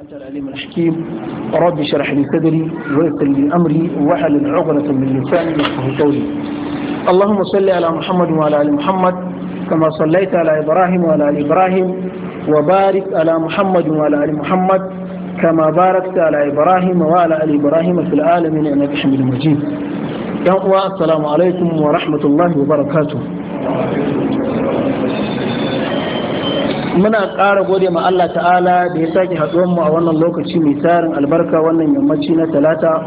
أنت العليم الحكيم رب شرح لي صدري ويسر لي أمري وحل عقدة من لساني يفقه قولي اللهم صل على محمد وعلى آل محمد كما صليت على إبراهيم وعلى آل إبراهيم وبارك على محمد وعلى آل محمد كما باركت على إبراهيم وعلى آل إبراهيم في العالمين إنك حميد مجيد السلام عليكم ورحمة الله وبركاته muna ƙara gode ma Allah ta'ala da ya sake haɗuwar mu a wannan lokaci mai tsarin albarka wannan yammaci na talata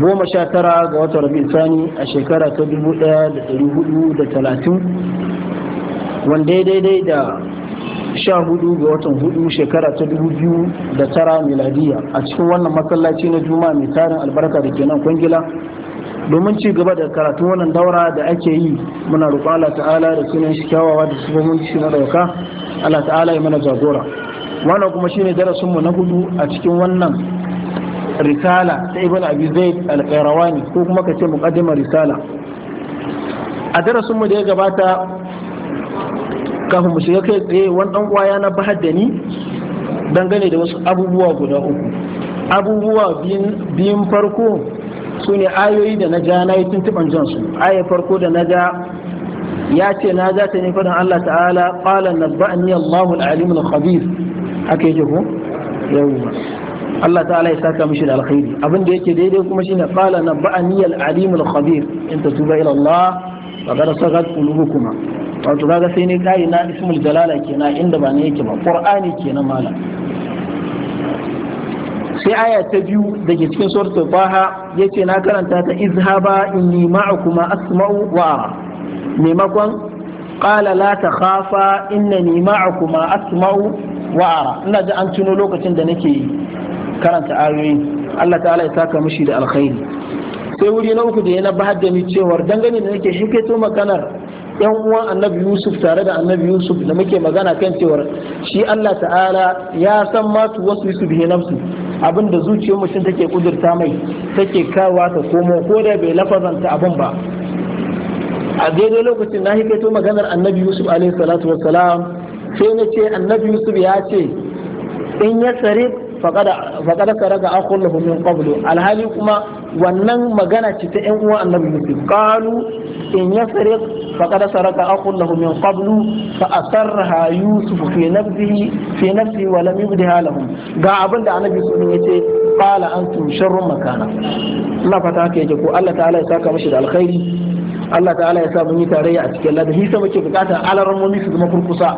goma sha tara ga watan rabi sani a shekara ta dubu ɗaya da ɗari hudu da talatin wanda daidai da sha hudu ga watan hudu shekara ta dubu biyu da tara miladiya a cikin wannan masallaci na juma'a mai tarin albarka da ke nan kwangila domin ci gaba da karatun wannan daura da ake yi muna roƙo Allah ta'ala da sunan shi kyawawa da sufofin shi na dauka Allah ta'ala ya mana jagora wannan kuma shine darasin mu na hudu a cikin wannan risala ta Ibn Abi Zaid al-Qayrawani ko kuma kace muqaddimar risala a darasin mu da ya gabata kafin mu shiga kai tsaye wani dan uwa ya na bahar da ni dangane da wasu abubuwa guda uku abubuwa biyun farko su ne ayoyi da na ja na yi jan su aya farko da na ja ya ce na ja ta ne faɗin Allah ta'ala qala nabba'ani Allahu al-alim al-khabir aka yi ko yawwa Allah ta'ala ya saka mishi da alkhairi abin da yake daidai kuma shine qala nabba'ani al-alim al-khabir in tatuba ila Allah faqad sagat qulubukuma wato kaga sai ne kai na ismul jalala kenan inda ba ne yake ba ƙur'ani kenan malam sai aya ta biyu da ke cikin suratul baha ya ce na karanta ta izhaba inni kuma asma'u wa ara maimakon qala la takhafa innani kuma asma'u wa ara ina ji an tuno lokacin da nake karanta ayoyi Allah ta'ala ya saka mishi da alkhairi sai wuri na uku da ya na bahar da ni cewa dangane da nake to maganar yan uwan annabi yusuf tare da annabi yusuf da muke magana kan cewa shi allah ta'ala ya san ma wasu yusuf bihi nafsu abin da zuciyar mutum take kudurta mai take kawa ta komo ko da bai lafazanta abin ba a daidai lokacin na hikaito maganar annabi yusuf alaihi salatu salam sai na ce annabi yusuf ya ce in ya tsare faƙada raga akhullahu min qablu alhali kuma wannan magana ce ta yan uwa annabi yusuf ƙalu in yasriq faqad saraka akhun lahu min qablu fa asarraha yusuf fi nafsihi fi nafsihi wa lam yubdiha lahum ga abin da annabi yusuf yace qala antum sharrun makana Allah fata haka yake ko Allah ta'ala ya saka mishi da alkhairi Allah ta'ala ya sa mun yi tarayya a cikin ladan hisa muke bukata alarmomi su zama kurkusa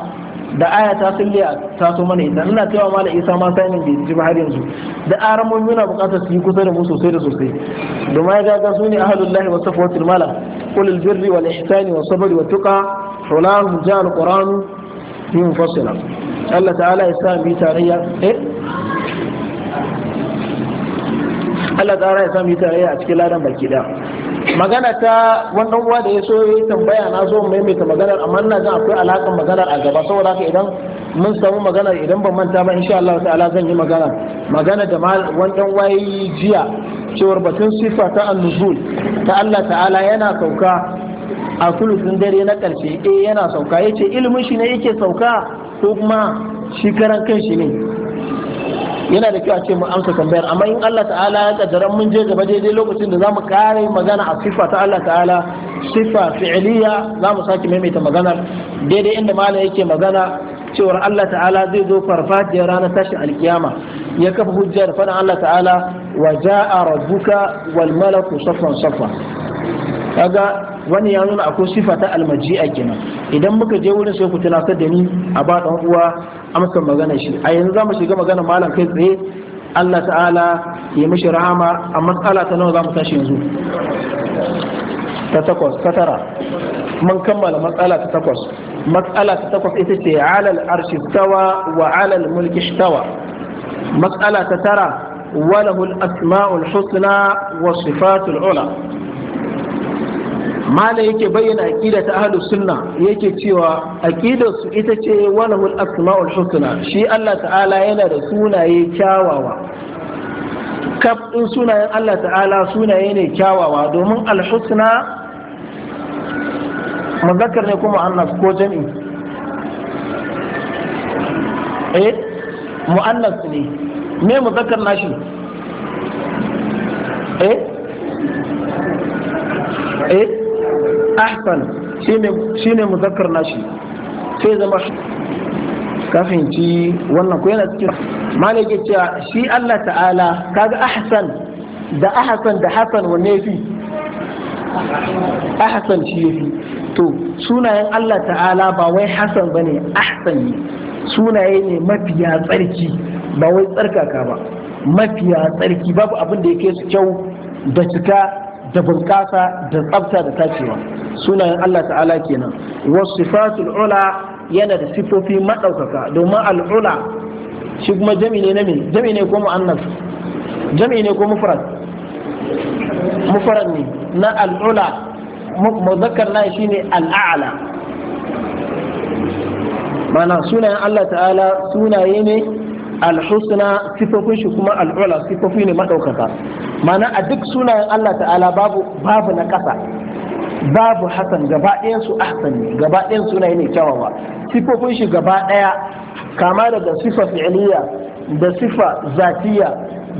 da aya ta sulliya ta so mana idan ina cewa mala isa ma sanin bai ji har yanzu da aran mun yana buƙatar su yi kusa da mu sosai da sosai domin ya ga su ne ahlullahi wa safawatul mala qul al birri wal ihsani was sabri wa tuqa hulahu ja'al qur'an yunfasila Allah ta'ala ya sa bi tarayya eh Allah ta'ala ya sa bi tarayya a cikin ladan baki da magana ta wannan uwa da ya so ya tambaya na zo maimaita maganar amma ina jin akwai alakan maganar a gaba saboda haka idan mun samu maganar idan ban manta ba insha Allah ta'ala zan yi magana magana da wannan wayi jiya cewar batun sifa ta an-nuzul ta Allah ta'ala yana sauka a kulufin dare na karshe eh yana sauka yace ilimin shi ne yake sauka ko kuma shi karan kanshi ne yana da kyau a ce mu amsa tambayar amma in Allah ta'ala ya kaddara mun je gaba daidai lokacin da zamu kare magana a sifa ta Allah ta'ala sifa fi'liya zamu sake maimaita maganar daidai inda malam yake magana cewar Allah ta'ala zai zo farfajiyar ranar tashin alkiyama ya kafa hujjar faɗin Allah ta'ala wa ja'a rabbuka wal malaku saffan saffa kaga wani ya nuna akwai sifa ta almaji'a kenan idan muka je wurin sai ku tunatar da ni a ba dan uwa amsa magana shi a yanzu zamu shiga magana malam kai tsaye Allah ta'ala ya mishi rahama a matsala ta nawa zamu tashi yanzu ta takwas ta tara mun kammala matsala ta takwas matsala ta takwas ita ce alal arshi tawa wa alal mulki tawa matsala ta tara walahu al asma'ul husna wa mala yake bayyana aqida ta ahlus sunna yake cewa aqidar su ita ce walahul asmaul husna shi Allah ta'ala yana da sunaye kyawawa kaf din sunayen Allah ta'ala sunaye ne kyawawa domin al-husna muzakkar ne kuma annas ko Jami? eh mu'annas ne me muzakkar nashi eh eh ahsan shine muzakkar nashi sai zama ka fahimci wannan ko yana cikin malik cewa shi Allah ta'ala kaga ahsan da ahsan da hasan wanne yafi ahsan shi yafi to sunayen Allah ta'ala ba wai hasan bane ahsan ne sunaye ne mafiya tsarki ba wai tsarkaka ba mafiya tsarki babu abin da yake su kyau da cika da bunƙasa da tsafta da tacewa sunayen Allah ta'ala kenan wasu sifatul ula yana da sifofi maɗaukaka domin al'ula shi kuma jami ne na min jami ne ko mu'annas jami ne ko mufrad mufrad ne na al'ula muzakkar na shi ne al'a'la mana sunayen Allah ta'ala sunaye ne alhusna sifofin shi kuma al'ula sifofi ne maɗaukaka mana a duk sunayen Allah ta'ala babu babu na ƙasa babu hasan gaba ɗayan su ahsan gaba ɗayan sunaye ne kyawawa sifofin shi gaba ɗaya kama daga sifa fi'liya da sifa zatiya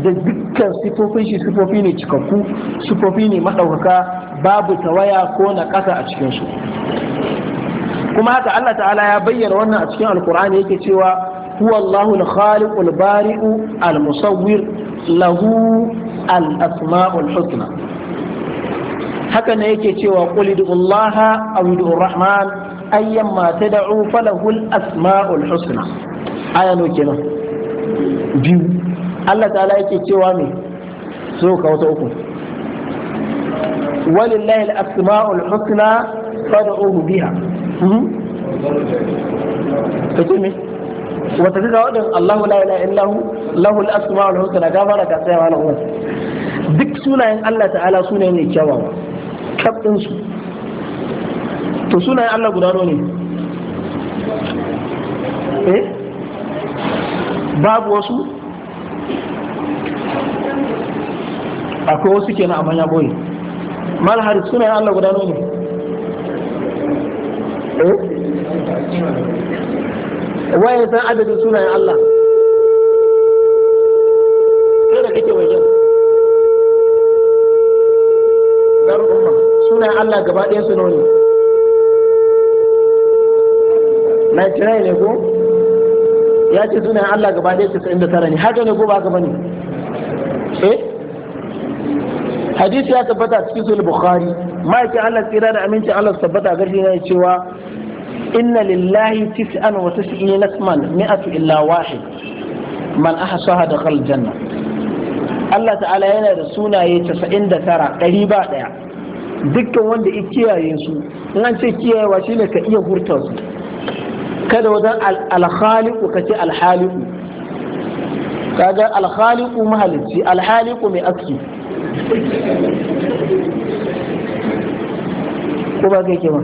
da dukkan sifofin shi sifofi ne cikakku sifofi ne maɗaukaka babu tawaya ko na ƙasa a cikin su kuma haka Allah ta'ala ya bayyana wannan a cikin alkur'ani yake cewa huwa Allahu al al-bari'u al-musawwir lahu al-asma'ul husna haka ne yake cewa qul ud'ullaha aw ud'ur rahman ayyan ma tad'u falahul asma'ul husna aya no kenan biyu Allah ta'ala yake cewa me so ka wata uku walillahi al-asma'ul husna fad'uhu biha kace hmm? me wata ta zawo allah Allahu la ilaha illahu lahul asma'ul husna gafara ka wani wa duk sunayen Allah ta'ala sunaye ne kyawawa kaf ɗinsu to sunayen Allah guda ne eh babu wasu akwai wasu ke na amanya boye malhari hari sunayen Allah guda ne eh waye san adadin sunayen Allah sunan Allah gaba ɗaya su noni Nigeria ne ko ya ce sunayen Allah gaba ɗaya tara ne haka ne ko ba ka bane eh hadisi ya tabbata cikin sahih bukhari ma'aikin Allah tsira da aminci Allah tabbata garfi ne cewa inna lillahi tis'an wa tis'ina nasman mi'atu illa wahid man ahsaha kal janna Allah ta'ala yana da sunaye 99 ɗari ba ɗaya dukkan wanda ya kiyaye su in an ce kiyayewa shine ka iya hurta su kada wajen alhaliku ka ce alhaliku kaga alhaliku mahalicci alhaliku mai aski ko ba kai ke ba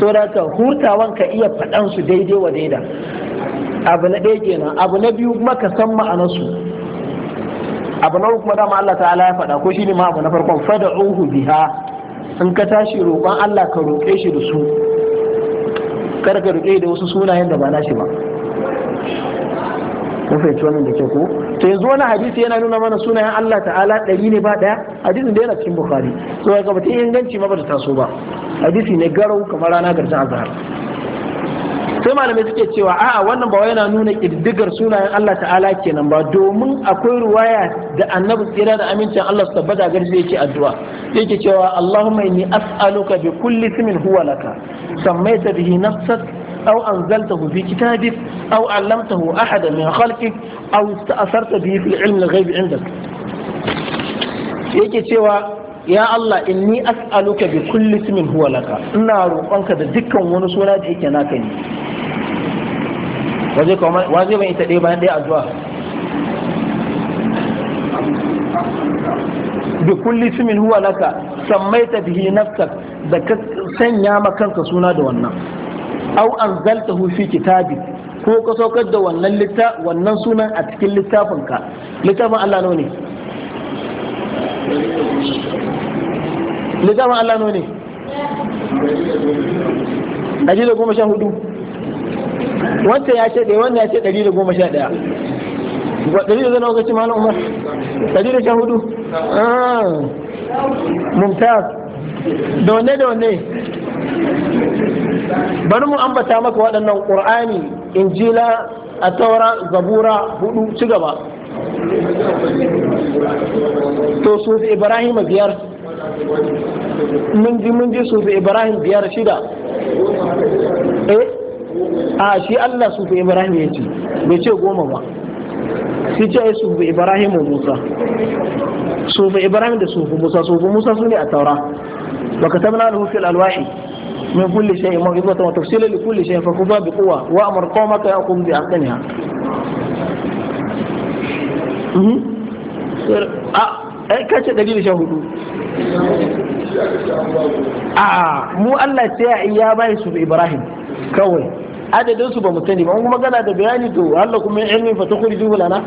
so da ka hurtawan ka iya faɗan su daidai wa daida abu na ɗaya kenan abu na biyu kuma ka san ma'anarsu abu na kuma dama Allah ta'ala ya faɗa ko shi ne ma abu na farkon fada'uhu biha in ka tashi roƙon Allah ka roƙe shi da su kar ka roƙe da wasu sunayen da ba shi ba kun fahimci wannan da ke ko to yanzu wani hadisi yana nuna mana sunayen Allah ta'ala ɗari ne ba ɗaya hadisin da yana cikin bukhari so ga ba ta inganci ma ba ta taso ba hadisi ne garau kamar rana garjan azhar sai malamai suke cewa a'a wannan ba yana nuna kididdigar sunayen Allah ta'ala kenan ba domin akwai ruwaya da annabi tsira da amincin Allah su tabbata gari zai yake addu'a yake cewa Allahumma inni as'aluka bi kulli ismin huwa laka sammaita bihi nafsak aw anzaltahu fi kitabik aw 'allamtahu ahada min khalqik aw ista'sarta bihi fil ilmi al-ghaib 'indak yake cewa ya Allah inni as'aluka bi kulli ismin huwa laka ina roƙonka da dukkan wani suna da yake naka ne waje kuma waje ban ita ɗaya bayan ɗaya azwa bi kulli ismin huwa laka sammaita bihi nafsak da ka sanya ma kanka suna da wannan aw anzaltahu fi kitabi, ko ka saukar da wannan littafin wannan sunan a cikin littafinka littafin Allah ne littafin Allah nuni ne ɗari da goma sha hudu Wancan ya ce ɗaya wanda ya ce ɗari da goma sha ɗaya ɗari da zana wakacin malam umar ɗari da sha hudu ah, mumtaz da wanne da wanne bari mu ambata maka waɗannan ƙur'ani injila a taura zabura hudu ci gaba to su ibrahim biyar mun ji mun ji su ibrahim biyar shida eh a shi Allah su ibrahim ya ce bai ce goma ba shi ce su fi ibrahim musa su ibrahim da su musa su musa su ne a taura wa katabna lahu fil alwahi min kulli shay'in mawidatan wa tafsilan li kulli shay'in fa khudha bi quwwa wa amr qawmaka yaqum bi aqniha Mhm. a ka ce 114 a mu Allah ce ya bai su Ibrahim kawai adadin su ba mu sani ba kuma gana da bayani to Allah kuma ya ilmi fa tukhrijuhu lana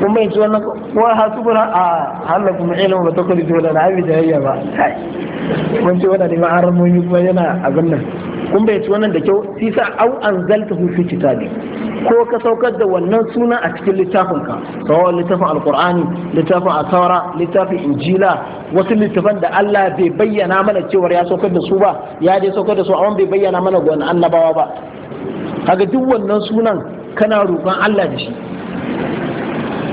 kuma yanzu wannan wa hasubura a Allah kuma ya ilmi fa tukhrijuhu lana ai bi jayya ba mun ji wannan ne ma'aramomi kuma yana abin nan kun ci wannan da kyau sai sa au zalta fi kitabi ko ka saukar da wannan suna a cikin littafinka sawon littafin alkur'ani littafin asawara littafin injila wasu littafan da Allah bai bayyana mana cewar ya saukar da su ba ya je saukar da su amma bai bayyana mana ga annabawa ba kaga duk wannan sunan kana roƙon Allah da shi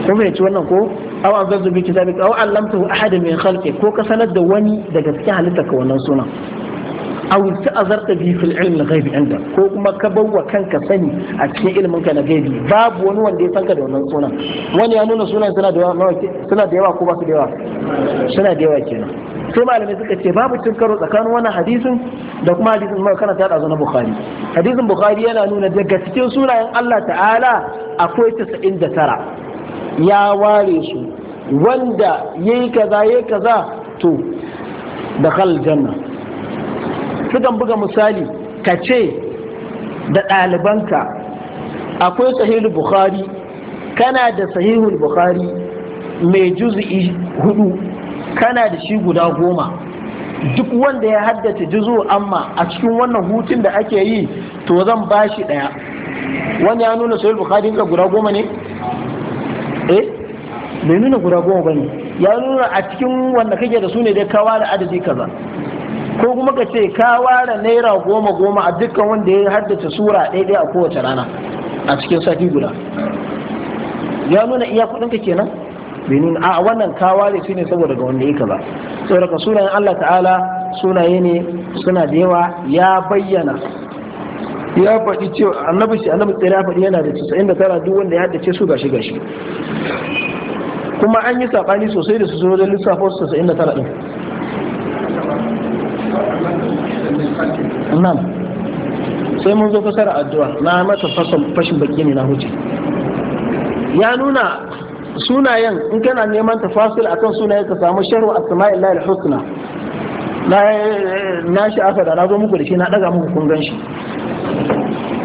kun ci wannan ko aw anzaltu bi kitabika aw allamtahu ahadan min khalqi ko ka sanar da wani daga cikin halittarka wannan sunan aw ta'azarta bi fil ilm al-ghaibi inda ko kuma ka bawa kanka sani a cikin ilimin ka na gaibi babu wani wanda ya san ka da wannan sunan wani ya nuna sunan suna da yawa ko ba su da yawa suna da yawa kenan sai malamai suka ce babu cin karo tsakanin wannan hadisin da kuma hadisin mai karanta da na bukhari hadisin bukhari yana nuna daga cikin sunayen Allah ta'ala akwai da tara, ya ware su wanda yayi kaza yayi kaza to dakhal janna sukan buga misali ka ce da ɗalibanka akwai sahihul bukhari kana da sahihul bukhari mai juzu'i hudu kana da shi guda goma duk wanda ya haddace juzu amma a cikin wannan hutun da ake yi to zan bashi daya wani ya nuna sahihul bukhari ga guda goma ne eh bai nuna guda goma bane ya nuna a cikin wanda kake da su ne dai kawa da adadi kaza ko kuma ka ce ka ware naira goma goma a dukkan wanda ya haddace sura ɗaya a kowace rana a cikin sati guda ya nuna iya ka kenan benin a wannan ka ware su ne saboda ga wanda yake ba saboda ka sunayen Allah ta'ala sunaye ne suna da yawa ya bayyana ya faɗi cewa annabi shi annabi tsira ya faɗi yana da tara duk wanda ya haddace su gashi gashi kuma an yi saɓani sosai da su zo da lissafin tara ɗin nan sai mun zo fasara addu'a na mata fashin baki ne na huce ya nuna sunayen in kana neman tafasil akan sunayen ka samu sharhu asma'i al-husna na eh, eh, na shi aka da na zo muku da shi na daga muku kun gan shi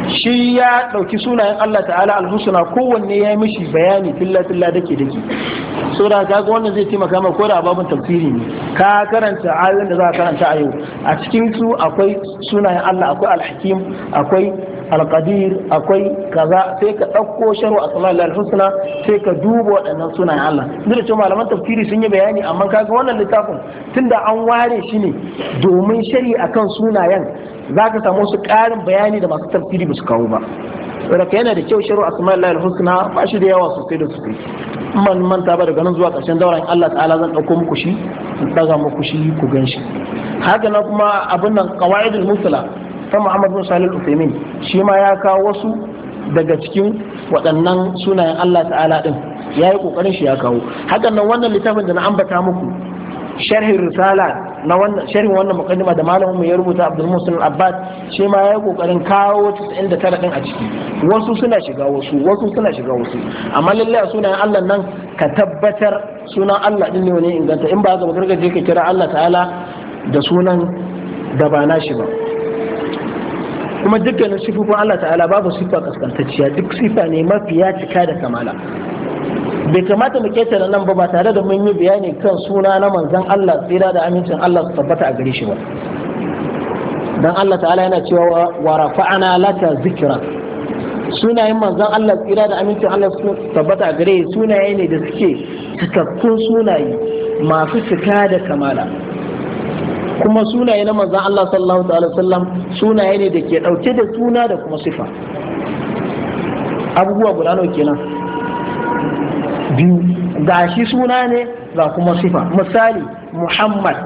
shi ya ɗauki sunayen Allah ta'ala Al-Husna, kowanne ya yi mishi bayani filla filla dake dake da ka ga wannan zai taimaka ko da babun tafsiri ne ka karanta ayoyin da za ka karanta a yau a cikin su akwai sunayen Allah akwai al-hakim, akwai al-qadir, akwai kaza sai ka ɗauko sharu a Al-Husna, sai ka duba waɗannan sunayen Allah duk da cewa malaman tafsiri sun yi bayani amma kaga wannan littafin tunda an ware shi ne domin shari'a kan sunayen za ka samu su ƙarin bayani da masu tafsiri ba su kawo ba saboda yana da kyau shiru asma'ul lahi husna ba shi da yawa sosai da sosai man manta ba daga nan zuwa ƙarshen dauran Allah ta'ala zan ɗauko muku shi in ɗaga muku shi ku gan shi haka na kuma abin nan qawaidul musala ta Muhammad bin Salih al-Uthaymeen shi ma ya kawo wasu daga cikin waɗannan sunayen Allah ta'ala din yi kokarin shi ya kawo hakan nan wannan littafin da na ambata muku sharhin risala na wannan sharhin wannan mukaddima da malamin mu ya rubuta Abdul Muhsin Al-Abbad shi ma ya kokarin kawo 99 din a ciki wasu suna shiga wasu wasu suna shiga wasu amma lallai sunan Allah nan ka tabbatar sunan Allah din ne wani inganta in ba ka ba gargaje ka kira Allah ta'ala da sunan da ba na shi ba kuma dukkanin sifofin Allah ta'ala babu sifa kaskantacciya duk sifa ne mafiya cika da kamala bai kamata mu ketare nan ba ba tare da mun yi bayani kan suna na manzon Allah tsira da amincin Allah su tabbata a gare shi ba dan Allah ta'ala yana cewa wa rafa'ana laka zikra sunayen manzon Allah tsira da amincin Allah su tabbata a gare sunaye ne da suke cikakkun sunaye masu cika da kamala kuma sunaye na manzon Allah sallallahu alaihi wasallam sunaye ne da ke dauke da suna da kuma sifa abubuwa guda nawa kenan biyu ga shi suna ne ga kuma sifa misali muhammad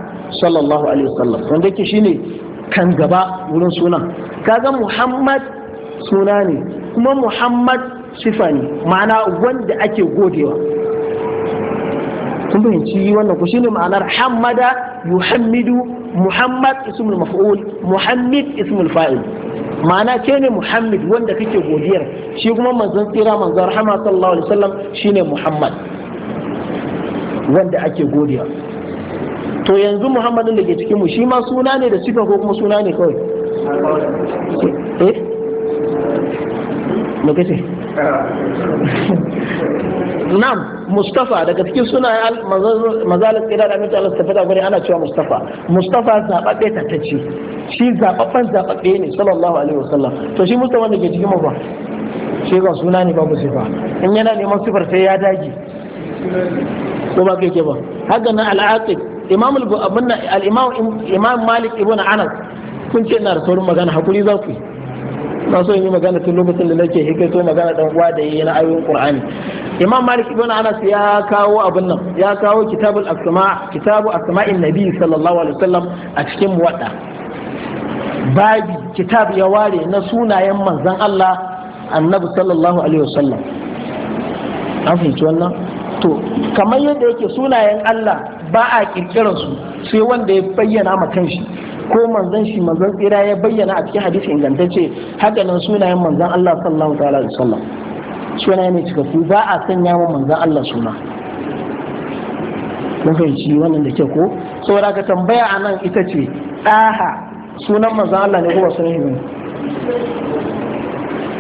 sallallahu alaihi wasallam wanda yake shine kan gaba wurin sunan kaga muhammad suna ne kuma muhammad sifa ne ma'ana wanda ake godewa kun fahimci wannan ku shine ma'anar hamada yuhammidu muhammad ismul maf'ul muhammad ismul fa'il ma'ana ke ne muhammad wanda kake godiyar shi kuma manzon tsira manzon rahama sallallahu alaihi wasallam shine muhammad wanda ake godiya to yanzu muhammadin da ke cikin mu shi ma suna ne da suka ko kuma suna ne kawai eh lokaci na'am mustafa daga cikin sunayen mazalin tsira da amince Allah tafi da gani ana cewa mustafa mustafa zababbe tattace shi zababban zababbe ne sallallahu alaihi wasallam to shi mustafa da ke cikin mu ba shi ga suna ne babu sifa in yana neman sifar sai ya dage ko ba kake ba haka nan al'aqib imam al-imam imam malik ibn anas kun ce na rasulun magana hakuri za ku yi na so yi magana tun lokacin da nake hikaito magana dan uwa da yi na ayoyin qur'ani imam malik ibn anas ya kawo abin nan ya kawo kitabul asma kitabu asma'in nabi sallallahu alaihi wasallam a cikin muwadda babi kitab ya ware na sunayen manzon Allah annabi sallallahu alaihi wasallam an fahimci wannan to kamar yadda yake sunayen Allah ba a kirkirar su sai wanda ya bayyana ma kanshi ko manzon shi manzon tsira ya bayyana a cikin hadisi ingantacce haka nan sunayen manzon Allah sallallahu ta'ala alaihi wasallam sunaye ne su ba a sanya wa manzon Allah suna mun fahimci wannan da ke ko saboda ka tambaya a nan ita ce ɗaha sunan manzon Allah ne ko ba sunan shi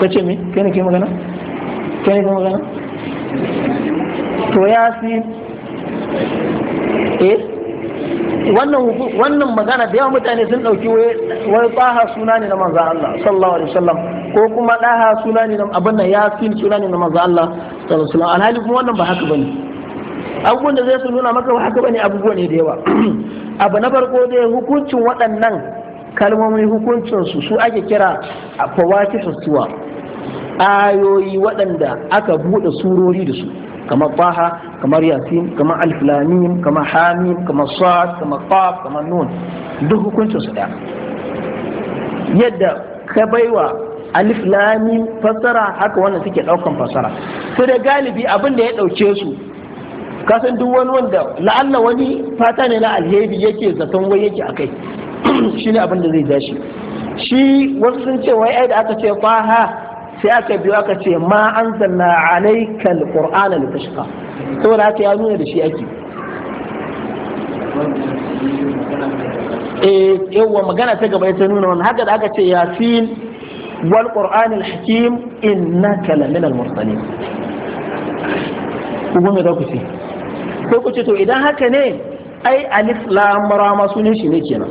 ka ce me kai ne ke magana kai ne ke magana to ya fi eh wannan magana da yawa mutane sun ɗauki wai tsaha suna ne na manzo Allah sallallahu alaihi wasallam ko kuma ɗaha suna ne na abin da yasin suna ne na manzo Allah sallallahu alaihi wasallam alhali kuma wannan ba haka bane abubuwan da zai su nuna maka ba haka bane abubuwa ne da yawa abu na farko dai hukuncin waɗannan kalmomin hukuncin su su ake kira fawaki suwa ayoyi waɗanda aka buɗe surori da su kamar baha kamar yasin kamar alfilamim kamar hamim kamar sad kamar qaf kamar nun duk hukuncin su daya yadda ka bai wa alif lamim fasara haka wannan suke ɗaukan fasara sai da galibi abinda ya ɗauke su kasan duk wani wanda la'alla wani fata ne na alheri yake zaton wai yake akai shine abin da zai dashi shi wasu sun ce wai ai da aka ce faha sai aka biyo aka ce ma an anzalna alaikal qur'ana litashqa saboda haka ya nuna da shi ake eh yawa magana ta gaba ta nuna wani haka da aka ce yasin wal qur'anil hakim innaka laminal mursalin kuma me za ku ce sai ku ce to idan haka ne ai alif lam ra ma sunan shi ne kenan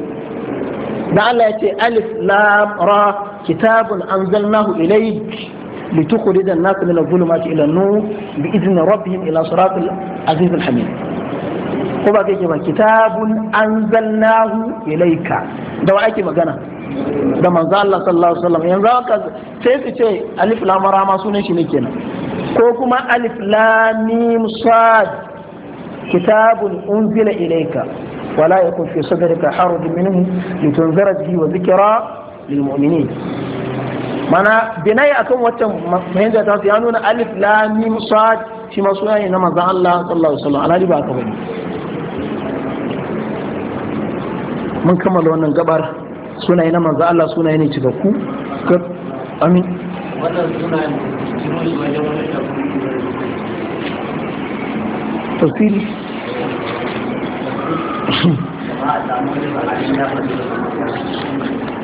dan Allah ya ce alif lam ra كتاب أنزلناه إليك لتخرج الناس من الظلمات إلى النور بإذن ربهم إلى صراط العزيز الحميد kuma kai ba kitabun anzalnahu ilaika da wa ake magana da manzo Allah sallallahu alaihi wasallam yanzu haka sai su ce alif lam ra ma sunan shi ne kenan ko kuma alif lam mim sad kitabun unzila ilaika wala yakun fi sadrika haraj minhu litunzira bihi wa dhikra للمؤمنين معنى بناي أكون وقت مهندة تاسيانون يعني ألف لا ميم صاد في مصوية نما ذا الله صلى الله عليه وسلم على ربا كبير من كمال وانا القبر سنة نما ذا الله سنة يني تبكو كب أمين تفصيل Thank you.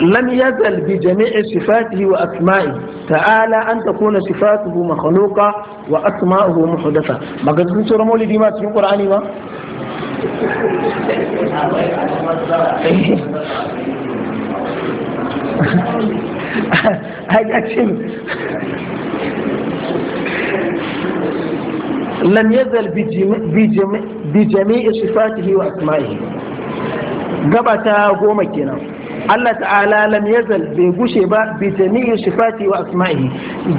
لم يزل بجميع صفاته وأسمائه تعالى أن تكون صفاته مخلوقة وأسماؤه محدثة ما قد كنت سورة مولدي ما في القرآن ما لم يزل بجميع صفاته وأسمائه قبل تاغوما كنا Allah ta'ala lam yazal bai gushe ba bi jami'i sifati wa asma'i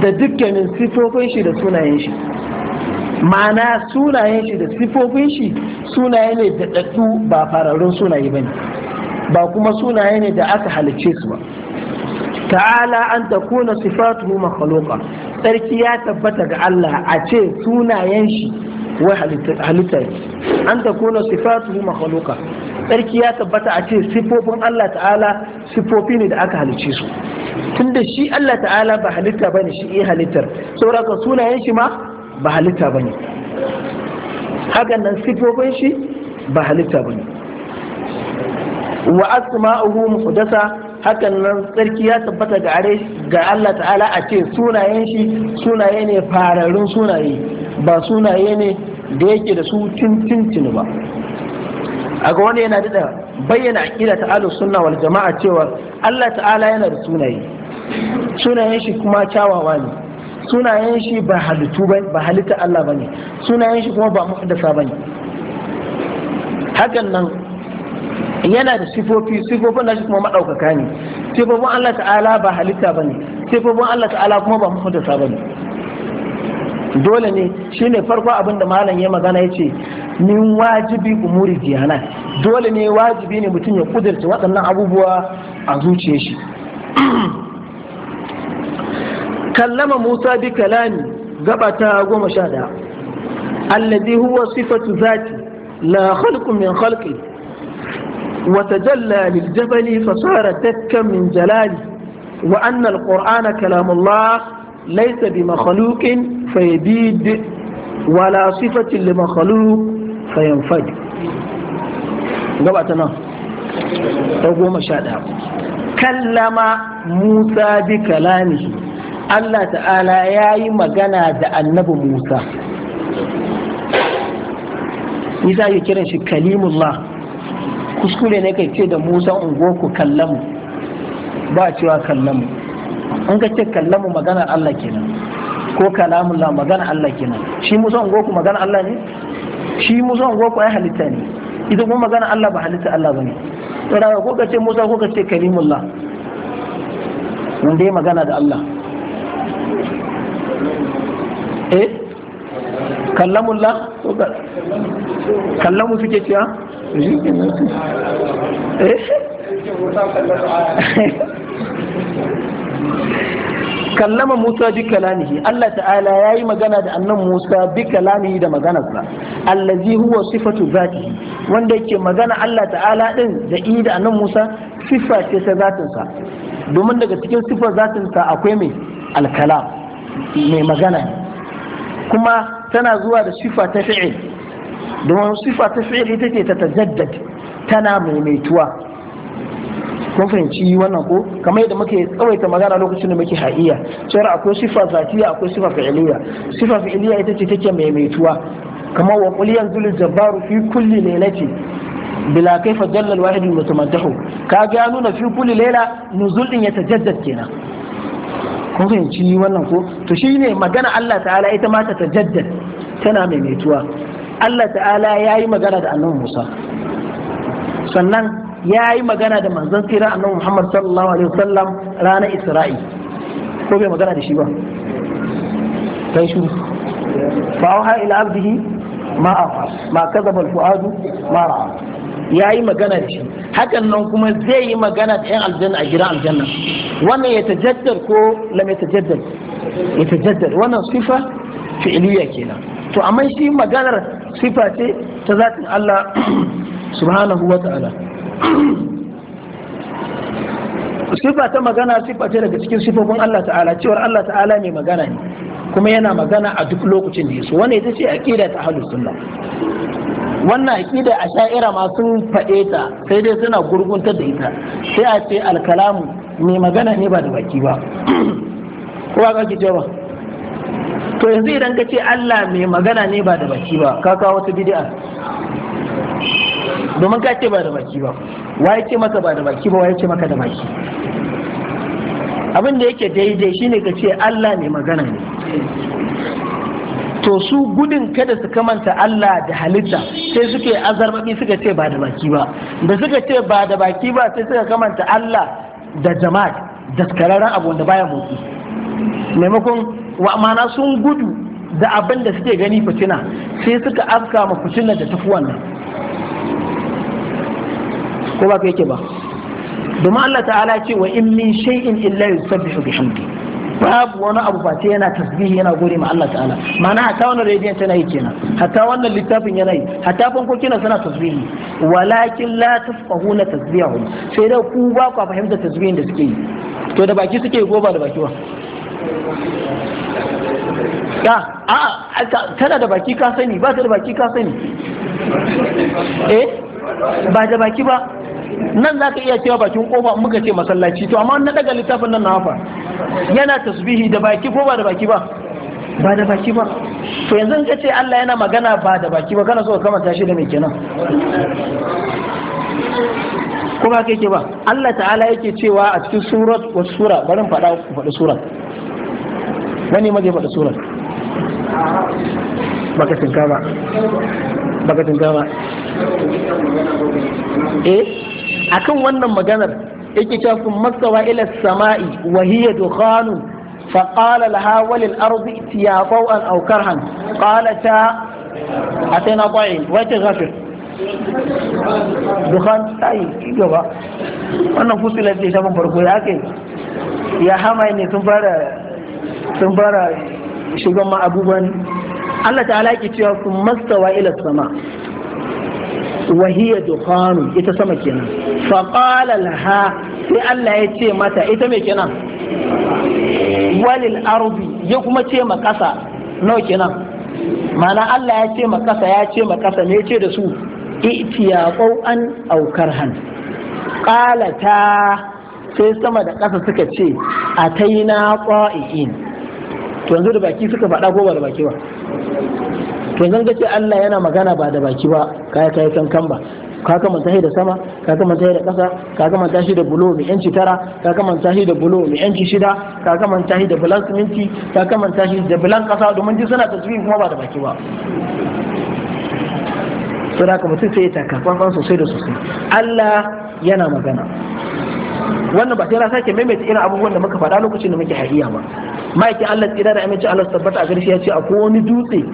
da dukkanin sifofin shi da sunayen shi ma'ana sunayen shi da sifofin shi sunaye ne da daddu ba fararun sunaye bane ba kuma sunaye ne da aka halicce su ba ta'ala an takuna sifatu makhluqa sarki ya tabbata ga Allah a ce sunayen shi wai halitta an takuna sifatu makhluqa tsarki ya tabbata a ce siffofin Allah ta'ala siffofi ne da aka halicce su tunda shi Allah ta'ala ba halitta ne shi iya halittar sauraka sunayen shi ma ba halitta ne hakan nan siffofin shi ba halitta ne wa asma'uhu muqaddasa hakan nan tsarki ya tabbata ga are ga Allah ta'ala a ce sunayen shi sunaye ne fararun sunaye ba sunaye ne da yake da su tun ba aga wani yana da bayyana aqida ta ahlus sunna wal jama'a cewa Allah ta'ala yana da sunaye sunayen shi kuma kyawawa ne sunayen shi ba halittu ba ba halitta Allah bane sunayen shi kuma ba muhaddasa bane hakan nan yana da sifofi sifofin shi kuma madaukaka ne sifofin Allah ta'ala ba halitta bane sifofin Allah ta'ala kuma ba muhaddasa bane dole ne shine farko abin da malam ya magana ya ce min wajibi umuri diyana dole ne wajibi ne mutum ya kudurta waɗannan abubuwa a zuciyar shi kallama musa bi kalami gabata goma sha ɗaya alladhi huwa sifatu zati la khalqu min khalqi wa tajalla lil jabali fa للجبل فصار min jalali wa anna al-qur'ana kalamullah laisa bi makhluqin fa yabid wala sifatin li makhluq fa yanfad gaba ta nan ta goma sha ɗaya kallama musa bi kalamihi Allah ta'ala ya yi magana da annabi musa Isa ya kiran shi kalimun ma kuskure ne kai ce da musa ungo ku kallamu ba cewa kallamu in ka ce kallamu maganar Allah kenan ko kalamun la maganar Allah kenan shi musa goku maganar Allah ne shi musa goku ai halitta ne ita kuma maganar Allah ba halitta Allah bane to da ko ka ce musa ko ka ce kalimullah wanda ya magana da Allah eh kallamullah kallamu suke cewa eh kallama Musa bi kalamihi Allah ta'ala yayi magana da annan Musa bi kalamihi da maganarsa allazi huwa sifatu zati wanda yake magana Allah ta'ala din da i da annan Musa sifa ce ta sa domin daga cikin sifar sa akwai mai alkalam mai magana kuma tana zuwa da sifa ta fi'il domin sifa ta fi'il ita ce ta tajaddad tana maimaituwa kun fahimci wannan ko kamar yadda muke tsawaita magana lokacin da muke ha'iya cewa akwai sifa zatiya akwai sifa fi'iliya sifa fi'iliya ita ce take maimaituwa kamar wa qul yanzul jabbaru fi kulli lailati bila kaifa dalla al-wahid al-mutamaddahu ka ga nuna fi kulli laila nuzul din yatajaddad kenan kun fahimci wannan ko to shine magana Allah ta'ala ita ma ta tajaddad tana maimaituwa Allah ta'ala ya yi magana da annabi Musa sannan ya yi magana da manzon tsira annabi Muhammad sallallahu alaihi wasallam ranar Isra'i ko bai magana da shi ba kai shi fa auha ila abdihi ma afa ma kadaba alfuadu ma ra'a ya yi magana da shi hakan nan kuma zai yi magana da yan aljanna a jira aljanna wannan ya tajaddar ko lam ya tajaddar ya tajaddar wannan sifa fi'liya kenan to amma shi maganar sifa ce ta zatin Allah subhanahu wa ta'ala sifa ta magana sifa ce daga cikin sifofin Allah ta'ala cewar Allah ta'ala mai magana ne kuma yana magana a duk lokacin da yaso wannan ita ce aqida ta ahlus sunna wannan aqida a sha'ira ma sun faɗe ta sai dai suna gurguntar da ita sai a ce al-kalamu, mai magana ne ba da baki ba kowa ka ki jawa to yanzu idan ka ce Allah mai magana ne ba da baki ba ka kawo wata bid'a domin ka ce ba da baki ba wa ya ce maka ba da baki ba wa ya ce maka da baki abin da yake daidai shine ka ce Allah ne magana ne to su gudun kada su kamanta Allah da halitta sai suke azarbaki suka ce ba da baki ba da suka ce ba da baki ba sai suka kamanta Allah da jama'a da kararren abu wanda baya motsi maimakon wa sun gudu da abin da suke gani fitina sai suka afka ma fitina da tafi wannan ko ba ka yake ba domin Allah ta'ala ce wa in min shay'in illa yusabbihu bihamdi babu wani abu ba sai yana tasbihi yana gode ma Allah ta'ala ma'ana hatta wannan rediyon tana yi kenan hatta wannan littafin yana yi hatta fankokina suna tasbihi walakin la tafqahuna tasbihahum sai da ku ba ku fahimta tasbihin da suke yi to da baki suke ko ba da baki ba ka a tana da baki ka sani ba ta da baki ka sani eh ba da baki ba nan za ka iya cewa bakin kofa muka ce masallaci to amma na daga littafin nan na hafa yana tasbihi da baki ko ba da baki ba ba da baki ba to yanzu ka ce Allah yana magana ba da baki ba kana so ka kamanta shi da mai kenan ko ba kake ba Allah ta'ala yake cewa a cikin surat wa sura barin faɗa ku faɗi surat wani ma zai faɗi surat baka tinka ba baka tinka ba eh akan wannan maganar yake cewa sun masawa ila sama'i wa hiya dukhanun fa qala laha walil ardi tiya qawan aw karhan qalata atayna qa'in wa taghfir dukhan sai gaba wannan fusilar da shafin farko ya kai ya hama ne sun fara sun fara shugaban abubuwan Allah ta ke cewa sun masawa ila sama'i. wahiya dukhanu ita sama kenan fa qala laha sai Allah ya ce mata ita me kenan walil ardi ya kuma ce ma kasa nawa kenan mana Allah ya ce ma kasa ya ce ma kasa ne ce da su itiya an aukar han qalata sai sama da ƙasa suka ce ataina qa'iin to yanzu da baki suka faɗa ko ba da baki ba to zan ga ce Allah yana magana ba da baki ba kai kai kankan ba ka kamanta shi da sama ka kamanta shi da ƙasa ka kamanta shi da bulo mai yanci tara ka kamanta shi da bulo mai yanci shida ka kamanta shi da bulan siminti ka kamanta shi da bulan ƙasa domin ji suna tasbihi kuma ba da baki ba saboda da kuma sai ta taka fanfan sosai da sosai Allah yana magana wannan ba sai na sake maimaita irin abubuwan da muka faɗa lokacin da muke hariya ba ma'aikin Allah tsira da aminci Allah tabbata a garshi ya ce akwai wani dutse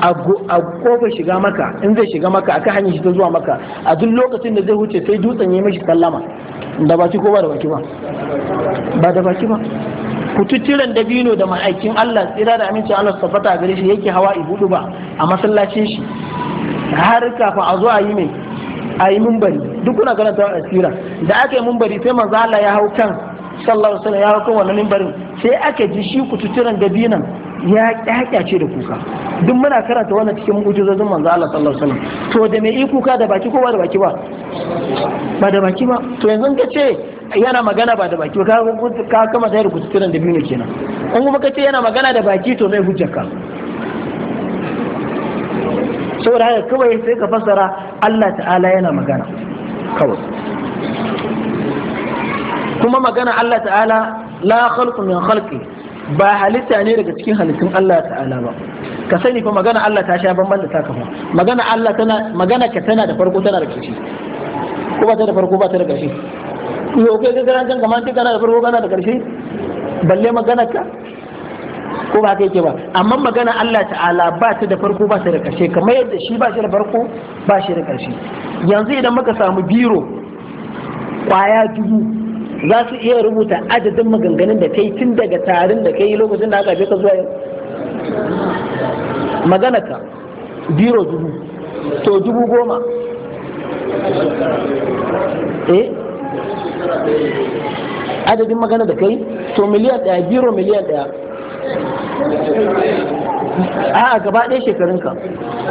a kofa shiga maka in zai shiga maka aka hanyar shi ta zuwa maka a duk lokacin da zai huce sai dutsen ya mashi sallama da baki ko ba da baki ba ba da baki ba kututturen dabino da ma'aikin Allah tsira da amincin Allah su fata gare shi yake hawa hudu ba a masallacin shi har kafin a zo a yi mai a yi mumbari duk kuna karanta a tsira da aka yi mumbari sai manzo Allah ya hau kan sallallahu alaihi wasallam ya hau kan wannan mimbarin sai aka ji shi ku kututturen dabinan ya kyakyace da kuka duk muna karanta wannan cikin mu'jizozin manzo Allah sallallahu alaihi wasallam to da mai kuka da baki ko ba da baki ba ba da baki ba to yanzu ka ce yana magana ba da baki ba ka kama sai da kuturan da biyu ne kenan in kuma ka ce yana magana da baki to mai hujjarka saboda haka kawai sai ka fassara Allah ta'ala yana magana kawai kuma magana Allah ta'ala la khalqu min khalqi ba halitta ne daga cikin halittun Allah ta'ala ba ka sani fa magana Allah ta sha bamban da ta kafa magana Allah tana magana ka tana da farko tana da ƙarshe ko ba ta da farko ba ta da ƙarshe yo kai ga garancin kamar ta kana da farko kana da ƙarshe balle magana ka ko ba kai ke ba amma magana Allah ta'ala ba ta da farko ba ta da ƙarshe kamar yadda shi ba shi da farko ba shi da ƙarshe yanzu idan muka samu biro kwaya dubu za su iya rubuta adadin maganganun da kai tun daga tarin da kai lokacin da aka ka zuwa yau magana ka biro dubu to dubu goma eh adadin magana da kai to miliyan daya biro miliyan daya a gaba ɗaya shekarunka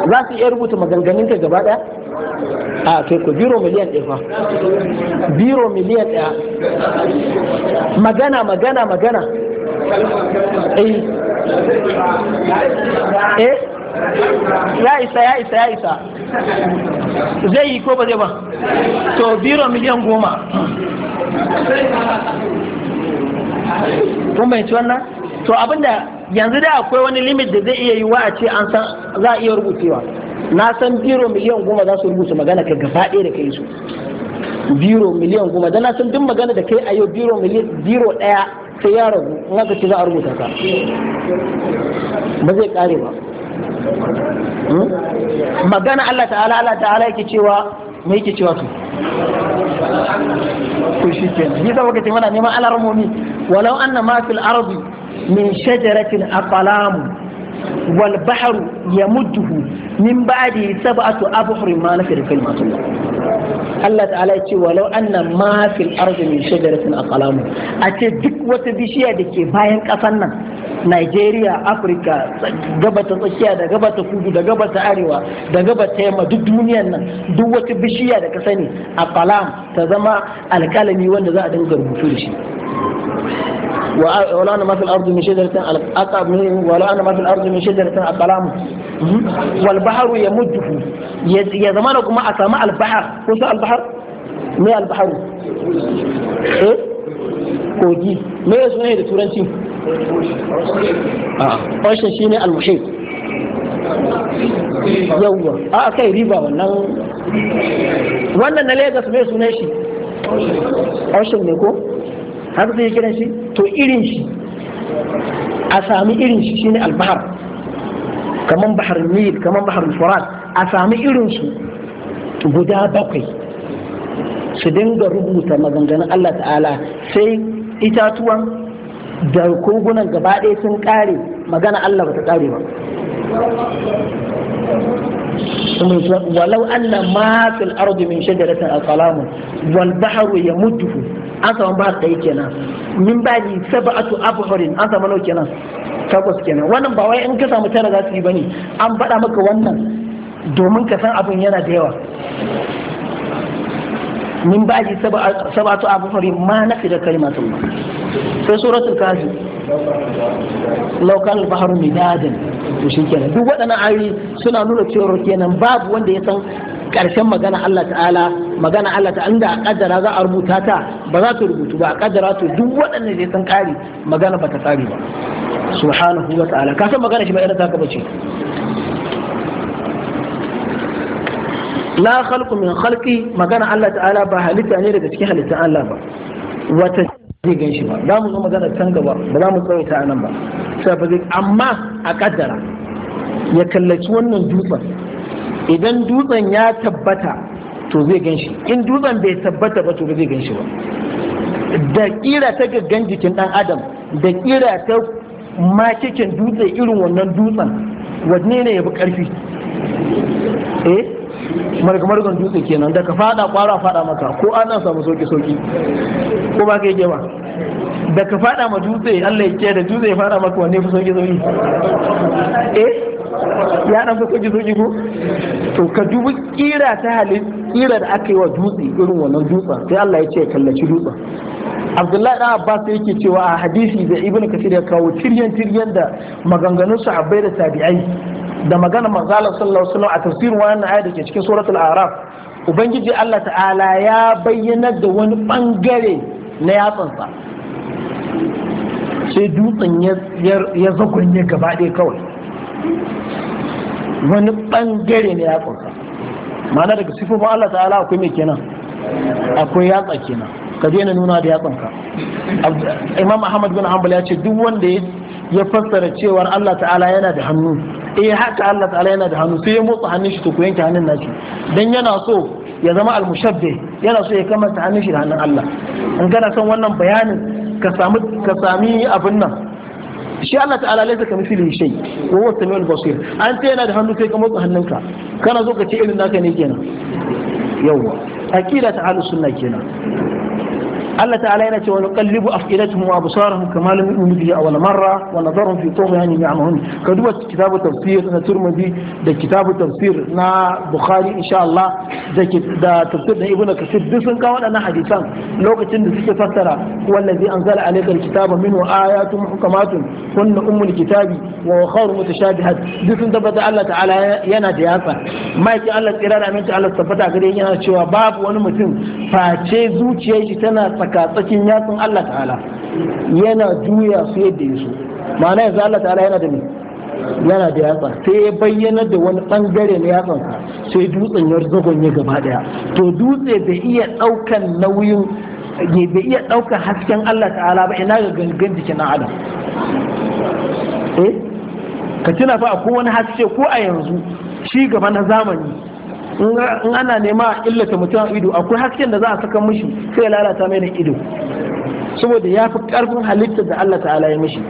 za su iya rubuta maganganunka gaba ɗaya a kai ku biro miliyan ɗaya fa biro miliyan ɗaya magana magana magana eh eh ya isa ya isa ya isa zai yi ko ba zai ba to biro miliyan goma kuma ya ci wannan to abinda yanzu da akwai wani limit da zai iya yi wa a ce an san za a iya rubutewa na san biro miliyan goma za su rubuta magana ka gaba ɗaya da kai su biro miliyan goma da na san duk magana da kai a yau biro miliyan biro ɗaya sai ya ragu na ka ce za a rubuta ka ba zai ƙare ba hmm? magana Allah ta'ala Allah ta'ala yake cewa me yake cewa to to shi ke ni da wakati mana neman alarmomi walau anna ma fil ardi min shajaratin aqlam wal ya muduhu min ba'di sab'atu abhur ma nafir fil matullah Allah ta'ala ya ce walau anna ma fil ardi min shajaratin aqlam a ce duk wata bishiya da ke bayan kasan nan Nigeria Africa gabata tsakiya da gabata kudu da gabata arewa da gabata yamma duk duniyar nan duk wata bishiya da ka sani a aqlam ta zama alkalami wanda za a dinga rubutu da shi ولا أنا ما في الأرض من شجرة أقب ولا أنا ما في الأرض من شجرة أقلام والبحر يمده يا زمانكم ما أسمع البحر وش البحر ما البحر إيه كوجي ما يسمونه تورنتي؟ آه أوشن شيء المحيط يوم a kai ريبا wannan wannan na Legas mai sunan shi ocean ne ko haka zai kiran shi to irin shi a sami irin shi shine albahar kaman bahar nil kaman bahar furat a sami irin su guda bakwai su dinga rubuta maganganun Allah ta'ala sai itatuwan da kogunan gaba ɗaya sun ƙare magana Allah ba ta ƙare ba walau anna ma fil ardi min shajaratin aqlamun wal bahru yamudduhu an samu ba ɗaya kenan min ba baji sab'atu abhurin an samu nau kenan takwas kenan wannan ba wai in ka samu tara za su yi bane an faɗa maka wannan domin ka san abin yana da yawa min ba baji abu abhurin ma na fi da kalimatullah sai suratul kafi laukan bahar midadin to shi kenan duk waɗannan ayoyi suna nuna cewa kenan babu wanda ya san ƙarshen magana Allah ta'ala magana Allah ta inda a kaddara za a rubuta ta ba za ta rubutu ba a kaddara to duk waɗanda zai san ƙari magana ba ta ƙari ba subhanahu wa ta'ala ka san magana shi ba irin ta ba ce la khalqu min khalqi magana Allah ta'ala ba halitta ne daga cikin halittar Allah ba wata zai gan shi ba za mu zo magana can gaba ba za mu tsawaita a nan ba sai ba zai amma a kaddara ya kallaci wannan dutsen idan dutsen ya tabbata to zai gan shi in dutsen bai tabbata ba to ba zai gan shi ba da kira ta gaggan jikin dan adam da kira ta makikin dutse irin wannan dutsen wanne ne ya fi karfi eh margamargan dutse kenan da ka fada kwara fada maka ko ana samu sauki sauki ko ba ka yi ba da ka fada ma dutse Allah ya ke da dutse ya fada maka wanne fi sauki sauki eh ya dan fito gizo ko? to ka dubi kira ta halin kira da aka yi wa dutse irin wannan dutsen sai Allah ya ce kallaci dutsen Abdullahi dan Abbas yake cewa a hadisi da Ibn Kathir ya kawo tiryan tiryan da maganganun sahabbai da tabi'ai da magana Allah sallallahu alaihi wasallam a tafsirin wannan aya da ke cikin suratul A'raf Ubangiji Allah ta'ala ya bayyana da wani bangare na yatsansa sai dutsen ya zagonye gaba ɗaya kawai wani bangare ne ya kunsa mana daga sifofin Allah ta'ala akwai mai kenan akwai yatsa kenan ka daina nuna da yatsanka imam ahmad bin hanbal ya ce duk wanda ya fassara cewar Allah ta'ala yana da hannu eh haka Allah ta'ala yana da hannu sai ya motsa hannun shi to ku yanke hannun nashi dan yana so ya zama al-mushabbe yana so ya kamata hannun shi da hannun Allah in kana son wannan bayanin ka sami abin nan shi Allah ta'ala laisa ka misli shay wa huwa samiul basir an ce yana da hannu sai ka motsa hannunka kana zo ka ce irin naka ne kenan yawwa aqida ta ahlus sunna kenan Allah ta'ala yana cewa nuqallibu afidatuhum wa absarahum kama lam yu'minu bihi awwal marra wa nadharuhum fi tughyanihim ya'mahun ka duba kitabu tafsir na Turmudi da kitabu tafsir na Bukhari insha Allah da da tafsir na Ibn Kathir duk sun kawo waɗannan hadisan lokacin da suke fassara wallazi anzala alayka alkitaba minhu ayatun muhkamatun kunna ummul kitabi wa khawru mutashabihat duk sun tabbata Allah ta'ala yana da yatsa mai Allah tsira da aminci Allah tabbata gare yana cewa babu wani mutum face zuciyar shi tana haka tsakin yatsun Allah ta'ala yana juya su yadda ya so ma'ana yanzu Allah ta'ala yana da ne yana da yatsa sai ya bayyana da wani bangare na yatsan sai dutsen ya ya gaba daya to dutse bai iya daukan nauyin bai iya daukan hasken Allah ta'ala ba ina ga gangan jikin na adam eh ka tuna fa ko wani haske ko a yanzu shi gaba na zamani in ana nema a illata mutum a ido akwai hasken da za a saka mishi sai ya lalata mai ido saboda ya fi karfin halittar da Allah ta'ala ya mishi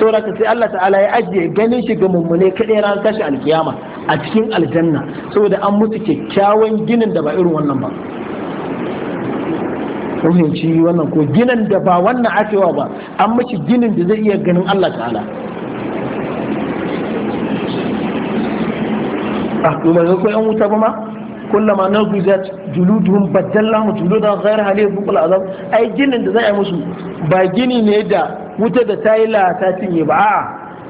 saboda sai Allah ta'ala ya ajiye ganin shi ga mummune kaɗai ran tashi alkiyama a cikin aljanna saboda an mutu kyakkyawan ginin da ba irin wannan ba fahimci wannan ko ginin da ba wannan akewa ba an mishi ginin da zai iya ganin Allah ta'ala a kuma ga ko an wuta ba ma kullama naguzat juluduhum badallahum juludan ghayra halil buqul azab ai ginin da za a musu ba gini ne da wuta da ta yi lata cinye ba a'a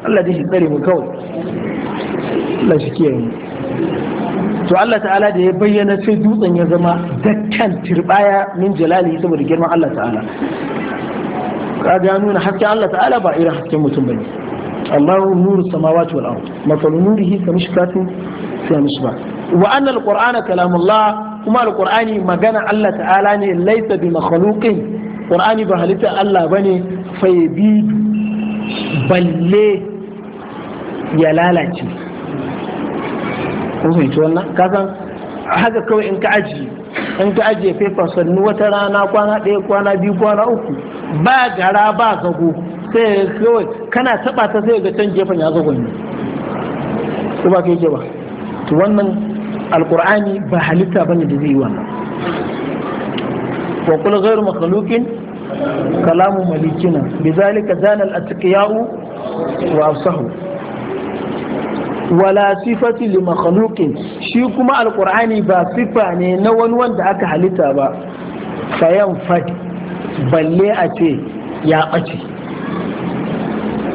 Allah dai shi tsare mu kawai Allah shi kiyaye mu to Allah ta'ala da ya bayyana sai dutsen ya zama dakkan tirbaya min jalali saboda girman Allah ta'ala kaga ya nuna hasken Allah ta'ala ba irin hasken mutum bane Allahu nuru samawati wal ard masalun nurihi kamishkatun fi misbah wa annal qur'ana kalamullah kuma alqur'ani magana Allah ta'ala ne laisa bi makhluqin qur'ani ba halitta Allah bane faybi balle ya lalace kun fahimci wannan kasan haka kawai in ka aji in ka ajiye fefa sannu wata rana kwana ɗaya kwana biyu kwana uku ba gara ba zago sai kawai kana taɓa ta sai ga can gefen ya zagon ne ko ba ka yake ba to wannan alqur'ani ba halitta bane da zai yi wannan wa kullu ghairu makhluqin kalamu malikina bizalika zana al-atqiyahu wa afsahu wala sifati li makhluqin shi kuma alqur'ani ba sifa ne na wani wanda aka halitta ba fayan fadi balle a ce ya ɓace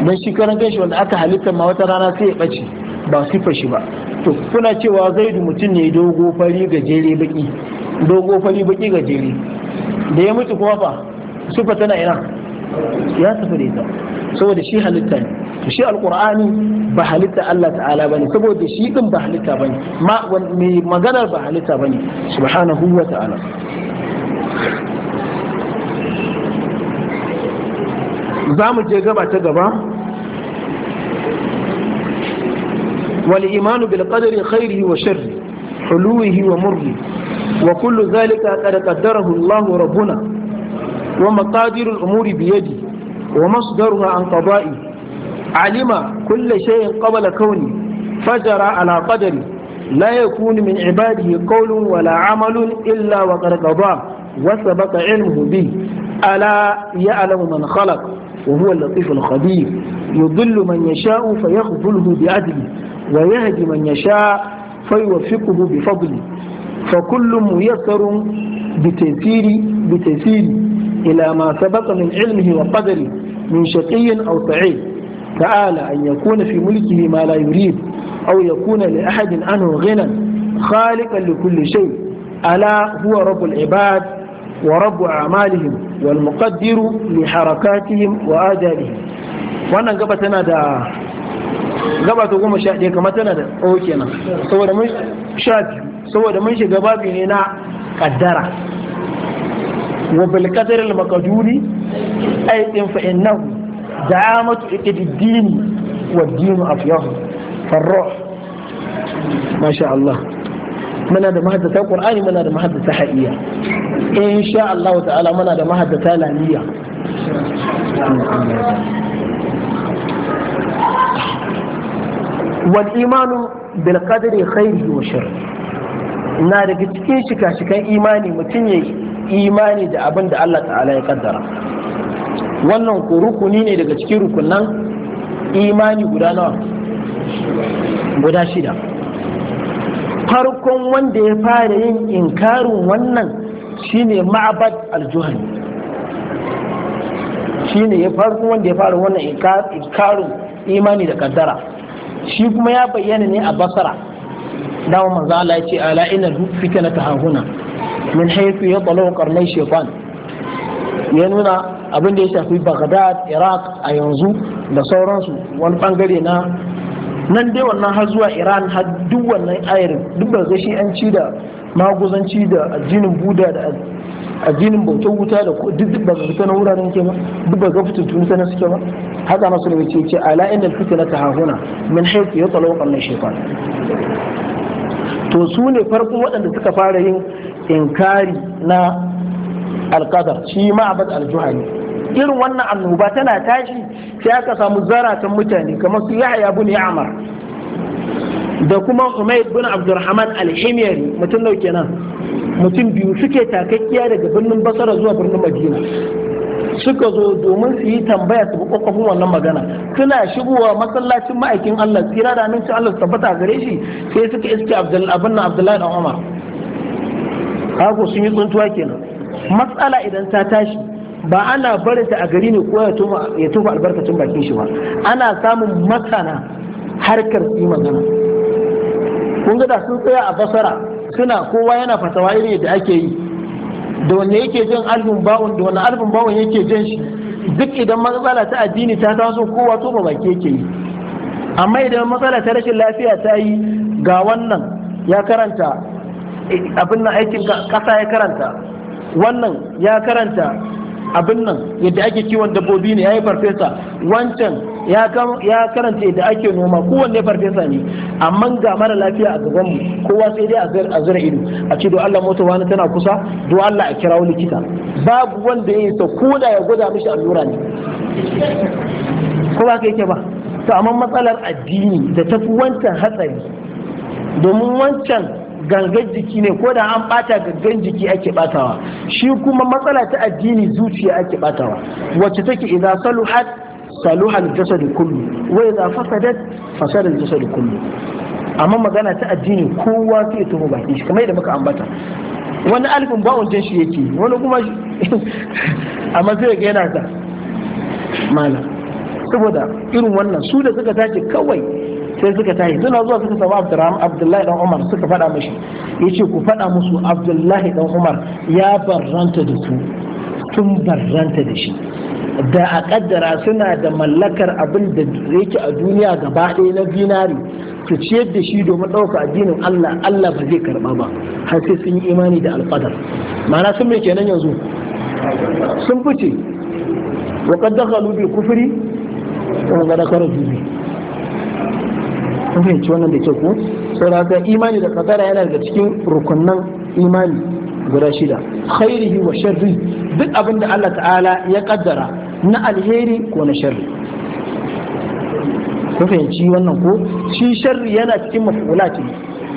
don shi karan shi wanda aka halitta ma wata rana sai ya ɓace ba sifa shi ba to kuna cewa zaidu mutum ne dogo fari ga jere baki dogo fari baki jere da ya mutu kuma fa sufa tana ina ya tafi da ita saboda shi halitta ne shi alqur'ani ba halitta Allah ta'ala bane saboda shi din ba halitta bane ma mai maganar ba halitta bane subhanahu wa ta'ala za mu je gaba ta gaba والإيمان بالقدر خيره وشره حلوه ومره وكل ذلك قد قدره الله ربنا ومقادر الأمور بيده ومصدرها عن قضائه علم كل شيء قبل كونه فجر على قدره لا يكون من عباده قول ولا عمل إلا وقد قضاه وسبق علمه به ألا يعلم من خلق وهو اللطيف الخبير يضل من يشاء فيخذله بعدله ويهدي من يشاء فيوفقه بفضله فكل ميسر بتيسير بتيسير إلى ما سبق من علمه وقدره من شقي أو سعيد تعالى أن يكون في ملكه ما لا يريد أو يكون لأحد عنه غنى خالقا لكل شيء ألا هو رب العباد ورب أعمالهم والمقدر لحركاتهم وآدابهم وانا قبتنا دا قبت وقوم شاهدين كما تنا دا اوكينا سوى دا مش شاهد سوى دا مش قبابي هنا قدرة وبالقدر المقدوري أي فإنه دعامة إقد الدين والدين أفياه فالروح ما شاء الله muna da mahaddata qur'ani muna da mahaddata hadiya insha Allah ta'ala muna da mahaddata lamiya. wal imanu bil qadri khairi wa sharri na daga cikin shika-shikan imani mutum ya imani da abinda Allah ta'ala ya kaddara wannan ko rukuni ne daga cikin rukunan imani guda nawa guda shida farkon wanda ya fara yin inkarin wannan shine ma'abad al shine ya farkon wanda ya fara wannan inkarin imani da kaddara shi kuma ya bayyana ne a basara dama manzo Allah ya ce ala ina fitna ta hahuna min haythu yatalu qarnay shaytan ya nuna abin da ya shafi Bagdad, Iraq a yanzu da sauransu wani bangare na nan dai wannan har zuwa iran har duk wannan ayarin duk da shi an ci da maguzanci da addinin buda da addinin bautar wuta da duk ba ga fita na wuraren ke ba duk ba ga fitattun ta na suke ba haka masu da wace ce ala inda fitina ta hahuna min haifu ya tsalo kallon shekar to su ne farkon waɗanda suka fara yin inkari na alkadar shi ma'abad aljuhani irin wannan annoba tana tashi sai aka samu zaratan mutane kamar su yahya bin ya'mar da kuma umayyad bin abdurrahman al-himyari mutum nau kenan mutum biyu suke takakkiya daga birnin basara zuwa birnin madina suka zo domin su yi tambaya su bi wannan magana suna shigowa masallacin ma'aikin Allah tsira da amincin Allah su tabbata gare shi sai suka iske abin Abdullahi da Umar kago sun yi tsuntuwa kenan matsala idan ta tashi ba ana ta a gari ne ko ya tofa albarkacin bakin shi ba ana samun masana harkar su magana kun ga da sun tsaya a basara suna kowa yana fatawa irin da ake yi da wanne yake jin albin bawon da wanne albin bawon yake jin shi duk idan matsala ta addini ta taso kowa tofa baki yake yi amma idan matsala ta rashin lafiya ta yi ga wannan ya karanta eh, abin nan aikin kasa ya karanta wannan ya karanta abin nan yadda ake kiwon dabbobi ne ya yi farfesa wancan ya karanta yadda ake noma kowanne farfesa ne amma ga mara lafiya a gaban mu kowa sai dai a zira ido a ce do Allah mota wani tana kusa do Allah a kirawo likita babu wanda ya yi sa koda ya gwada mishi allura ne ko ba ka yake ba to amma matsalar addini da tafi wancan hatsari domin wancan gangan jiki ne ko da an bata gangan jiki ake batawa shi kuma matsala ta addini zuciya ake batawa wacce take idan saluhat saluha al-jasad kullu wa idan fasadat fasada al-jasad kullu amma magana ta addini kowa sai ya tuhu baki shi kamar yadda muka ambata wani alifin ba wajen shi yake wani kuma amma zai ga yana ta mala saboda irin wannan su da suka tace kawai sai suka tashi suna zuwa suka samu abdurrahman abdullahi dan umar suka faɗa mashi yace ku faɗa musu abdullahi dan umar ya barranta da su sun barranta da shi da a kaddara suna da mallakar abin da yake a duniya gaba ɗaya na zinari su ciyar da shi domin ɗauka addinin Allah Allah ba zai karɓa ba har sai sun yi imani da alƙadar ma'ana sun mai kenan yanzu sun fice wa qad dakhalu bil kufri wa qad kharaju kun fahimci wannan da ke ku saboda imani da kadara yana daga cikin rukunnan imani guda shida khairihi wa sharri duk abin da Allah ta'ala ya kaddara na alheri ko na sharri kun fahimci wannan ko shi sharri yana cikin mafulat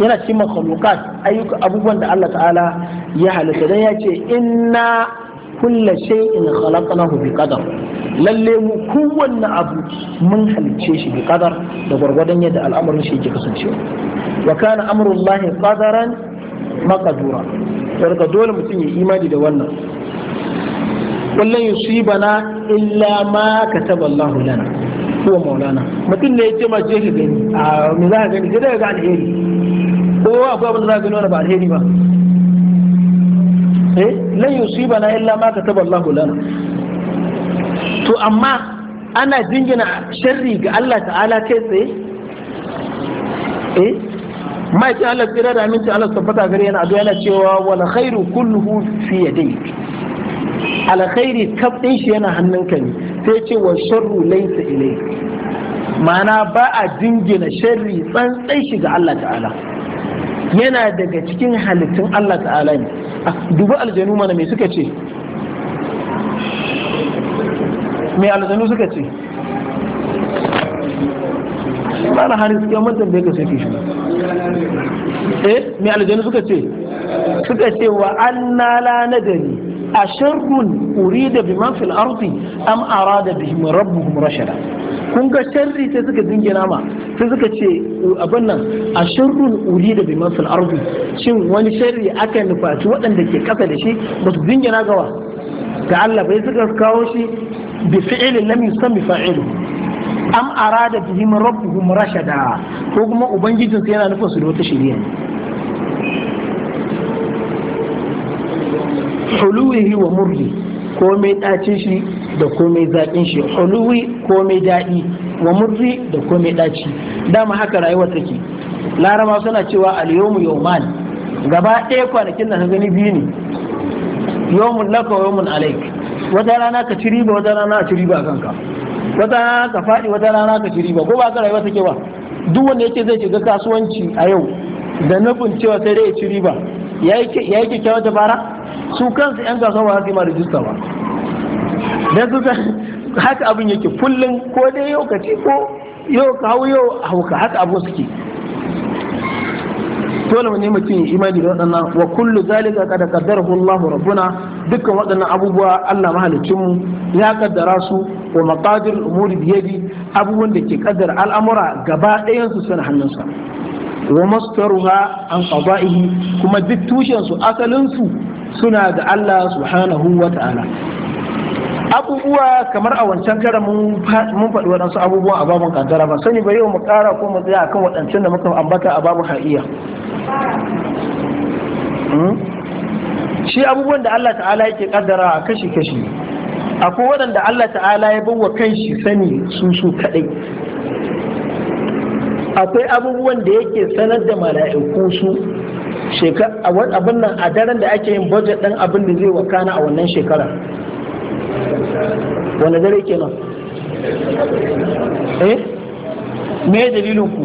yana cikin makhluqat ayyuka abubuwan da Allah ta'ala ya halitta dan ya ce inna kulla shay'in khalaqnahu bi qadar lalle mu kowanne abu mun halicce shi bi kadar da gwargwadon yadda al'amarin shi yake kasancewa wa kana amrullahi qadaran maqdura daga dole mutum ya imani da wannan kullun yusibana illa ma kataba Allah lana kuwa maulana mutum ne ya ce ma je ka gani a me za ka gani sai ga alheri ko akwai abin da za ka gani wani ba alheri ba eh lan yusibana illa ma kataba Allah lana to amma ana jingina sharri ga Allah ta'ala kai tsaye eh ta Allah tsira da aminci Allah tabbata gare yana addu'a yana cewa wal khairu kulluhu fi yadayk alkhairi kaf din shi yana hannunka ne sai ce wa sharru laysa ilayk ma'ana ba a jingina sharri tsantsan shi ga Allah ta'ala yana daga cikin halittun Allah ta'ala ne ah, dubu aljanu mana me suka ce mai aljanu suka ce ba na suke mutum da ya kasance shi eh mai aljanu suka ce suka ce wa anna la nadari a uri da bi man fil ardi am arada rabu kuma rashada kun ga sharri sai suka dingina ma sai suka ce abin nan a uri da bi man fil ardi shin wani sharri aka nufaci waɗanda ke kasa da shi ba su dingina gawa ga Allah bai suka kawo shi بفعل لم يسمى فاعله am arada bihim da rashada ko kuma ubangijin su yana nufin su da wata shari'a huluwihi wa murri komai ɗacin shi da komai zaƙin shi huluwi komai daɗi wa murri da komai ɗaci dama haka rayuwa take laraba suna cewa al-yawmu yawman gaba ɗaya kwanakin da gani biyu ne yawmun laka wa yawmun alaik wata rana ka ci wata rana a ci a kanka wata rana ka faɗi wata rana ka ci riba ba ka rayuwa take ba duk wanda yake zai shiga kasuwanci a yau da nufin cewa sai dai ya ci riba ya yi kyakkyawar dabara su kansu yan kasuwa ba za su yi ma ba dan su haka abin yake kullum ko dai yau ka ci ko yau ka hau yau hauka haka abin suke dole ne mutum ya imani da waɗannan wa kullu zalika qad qaddarahu Allahu rabbuna dukkan waɗannan abubuwa Allah mahalicin mu ya kaddara su wa maqadir umuri biyadi abubuwan da ke kaddara al'amura gaba ɗayan su suna hannunsa wa mastaruha an qada'ihi kuma duk tushen su asalin su suna da Allah subhanahu wa ta'ala abubuwa kamar a wancan kara mun faɗi waɗansu abubuwa a babin kankara ba sani ba yau mu ƙara ko mu tsaya akan waɗancan da muka ambata a babin ha'iya hmm? shi abubuwan da Allah ta'ala yake kaddara a kashi kashi akwai waɗanda Allah ta'ala ya bawa kai shi sani su su kaɗai akwai abubuwan da yake sanar da mala'iku su abin nan a daren da ake yin budget ɗin abin da zai wakana a wannan shekarar wani dare kenan eh me dalilin ku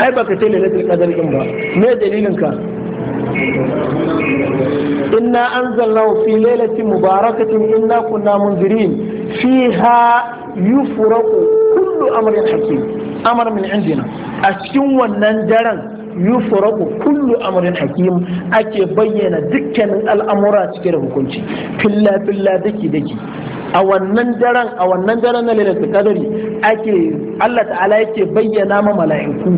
ai baka ce lailatul kadar din ba me dalilin ka inna anzalnahu fi lailatin mubarakatin inna kunna munzirin fiha yufraqu kullu amrin hakim amr min indina a cikin wannan daren yufraku kullu amrin hakim ake bayyana dukkanin al'amura cike da hukunci filla filla daki daki a wannan daren a wannan daren na lailatul kadari, ake Allah ta'ala yake bayyana ma mala'iku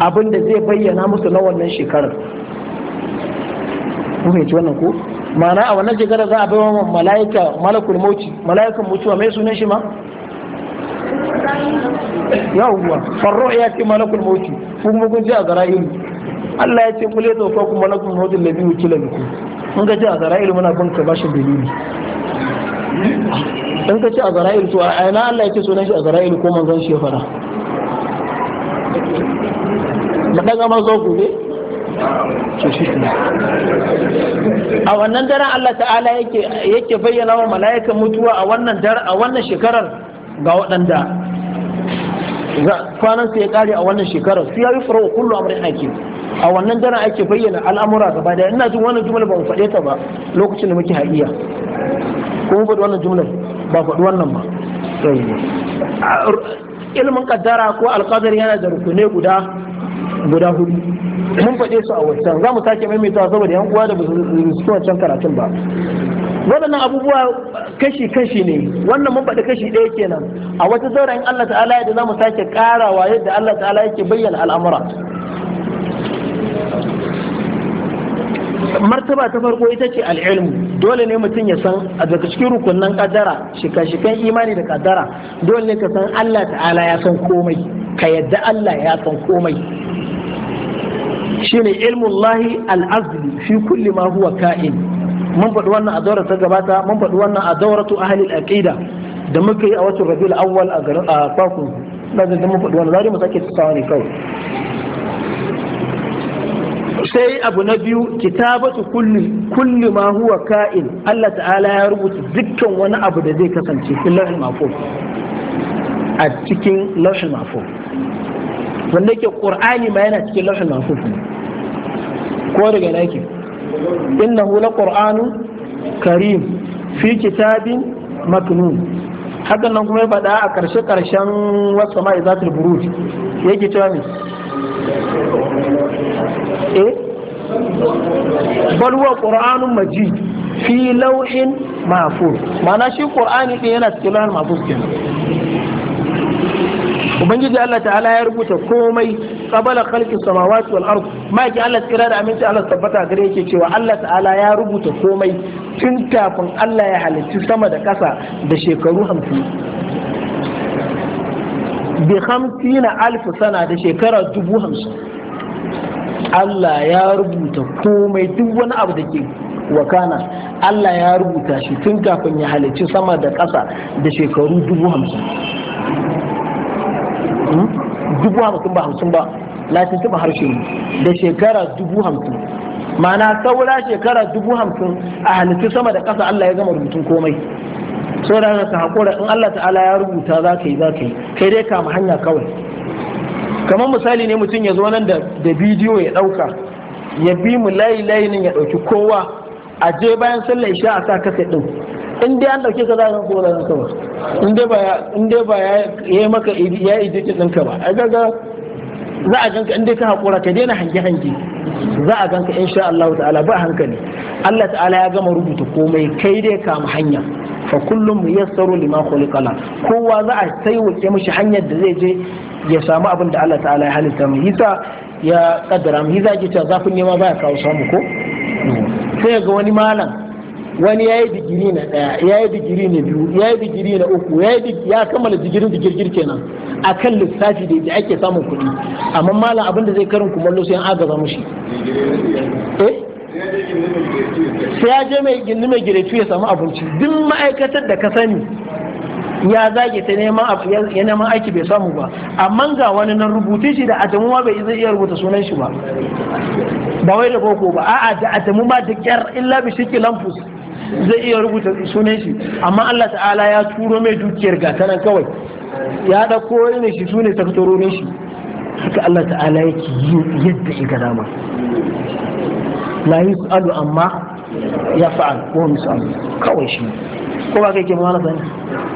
abin da zai bayyana musu na wannan shekarar ku fahimci wannan ko ma'ana a wannan shekarar za a bai mala'ika malakul mauti mala'ikan mutuwa mai sunan shi ma yawwa farro ya ce malakul mauti kuma kun ce a zara'il Allah ya ce kule zauka kuma malakul mautin da biyu kila biku in ga ji a zara'il muna bin ka bashin dalili in ka ce a zara'il to a ina Allah ya ce sunan shi a zara'il ko manzon shi ya fara maɗaga ma zo gobe a wannan daren Allah ta'ala yake bayyana wa mala'ikan mutuwa a wannan shekarar ga waɗanda kwanan sai ya kare a wannan shekarar su ya yi fara kullu murin hakim a wannan dana ake bayyana al'amura gaba da ina jin wannan jumla ba mu faɗe ta ba lokacin da muke haƙiya kuma mu faɗi wannan jumla ba faɗi wannan ba ilimin kaddara ko alƙadar yana da rukune guda guda hudu mun faɗe su a wancan za mu sake maimaitawa saboda yan uwa da ba su wancan karatun ba waɗannan abubuwa kashi-kashi ne wannan mun faɗi kashi ɗaya kenan a wata zauren in Allah ta'ala yadda za mu sake ƙarawa yadda Allah ta'ala yake bayyana al'amura martaba ta farko ita ce al'ilmu dole ne mutum ya san a daga cikin rukunin kadara shika-shikan imani da kadara dole ne ka san Allah ta'ala ya san komai ka yadda Allah ya san komai shine ilmullahi al-azli fi kulli ma huwa ka'in mun faɗi wannan a daura ta gabata mun faɗi wannan a dauratu ahlil aqida da muka yi a watan rabiul awwal a garin kwaku na da mun faɗi wannan zari mu sake tsawa ne kawai sai abu na biyu kitabatu kulli kulli ma huwa ka'in Allah ta'ala ya rubuta dukkan wani abu da zai kasance fil lahil mahfuz a cikin lahil mahfuz wanda yake qur'ani ma yana cikin lahil mahfuz ko daga nake Inna hula laqur'anu karim fi kitabin maknun hakan nan kuma ya faɗa a ƙarshe ƙarshen wasu ma'i za ta buruj yake cewa eh bal huwa qur'anun majid fi lauhin mahfuz ma'ana shi ƙur'ani ɗin yana cikin lauhin mahfuz kenan ubangiji Allah ta'ala ya rubuta komai qabala khalqi samawati wal ard ma ki Allah tsira da aminci Allah tabbata gare yake cewa Allah ta'ala ya rubuta komai tun kafin Allah ya halicci sama da ƙasa da shekaru 50 bi hamsina alf sana da shekara hamsin, Allah ya rubuta komai duk wani abu da ke wakana Allah ya rubuta shi tun kafin ya halicci sama da ƙasa da shekaru dubu hamsin dubu hamsin ba hamsin ba harshe da shekara dubu hamsin ma'ana saura shekara dubu hamsin a halittu sama da ƙasa Allah ya gama rubutun komai sau haka ta haƙura in Allah ta'ala ya rubuta za ka yi za ka yi kai dai kama hanya kawai kamar misali ne mutum ya zo nan da bidiyo ya ɗauka ya bi mu layi layi nan ya ɗauki kowa a je bayan sallar isha a sa kasa ɗin in dai an dauke ka za ka kora ka ba in ba in dai ba ya yi maka ya yi ɗinka ba ai kaga za a ganka in ka hakura ka daina hange hange za a ganka insha Allah ta'ala ba hankali Allah ta'ala ya gama rubuta komai kai dai kama hanya fa kullum yassaru lima khuliqala kowa za a taiwake mishi hanyar da zai je ya samu abin da Allah ta'ala ya halitta mu yasa ya kaddara mu yasa ke cewa zafin nema ya kawo samu ko sai ga wani malam wani ya yi digiri na ɗaya ya yi digiri na biyu ya yi digiri na uku ya kammala digirin digirgir kenan a kan lissafi da yadda ake samun kuɗi amma malam abin da zai karin kumallo sai an agaza mushi eh? sai ya je mai gindi mai giretu ya samu abinci duk ma'aikatar da ka sani ya zage ta neman aiki bai samu ba amma ga wani nan rubuce shi da adamu ma bai zai iya rubuta sunan shi ba ba wai da boko ba a'a da adamu ma da kyar illa bi shi lamfus zai iya rubuta sunan shi amma Allah ta'ala ya turo mai dukiyar gatanan kawai ya ɗauko ne shi sune ne shi haka Allah ta'ala yake yi yadda ya ga dama la yus'alu amma ya fa'al ko misali kawai shi ko ba kake mana sani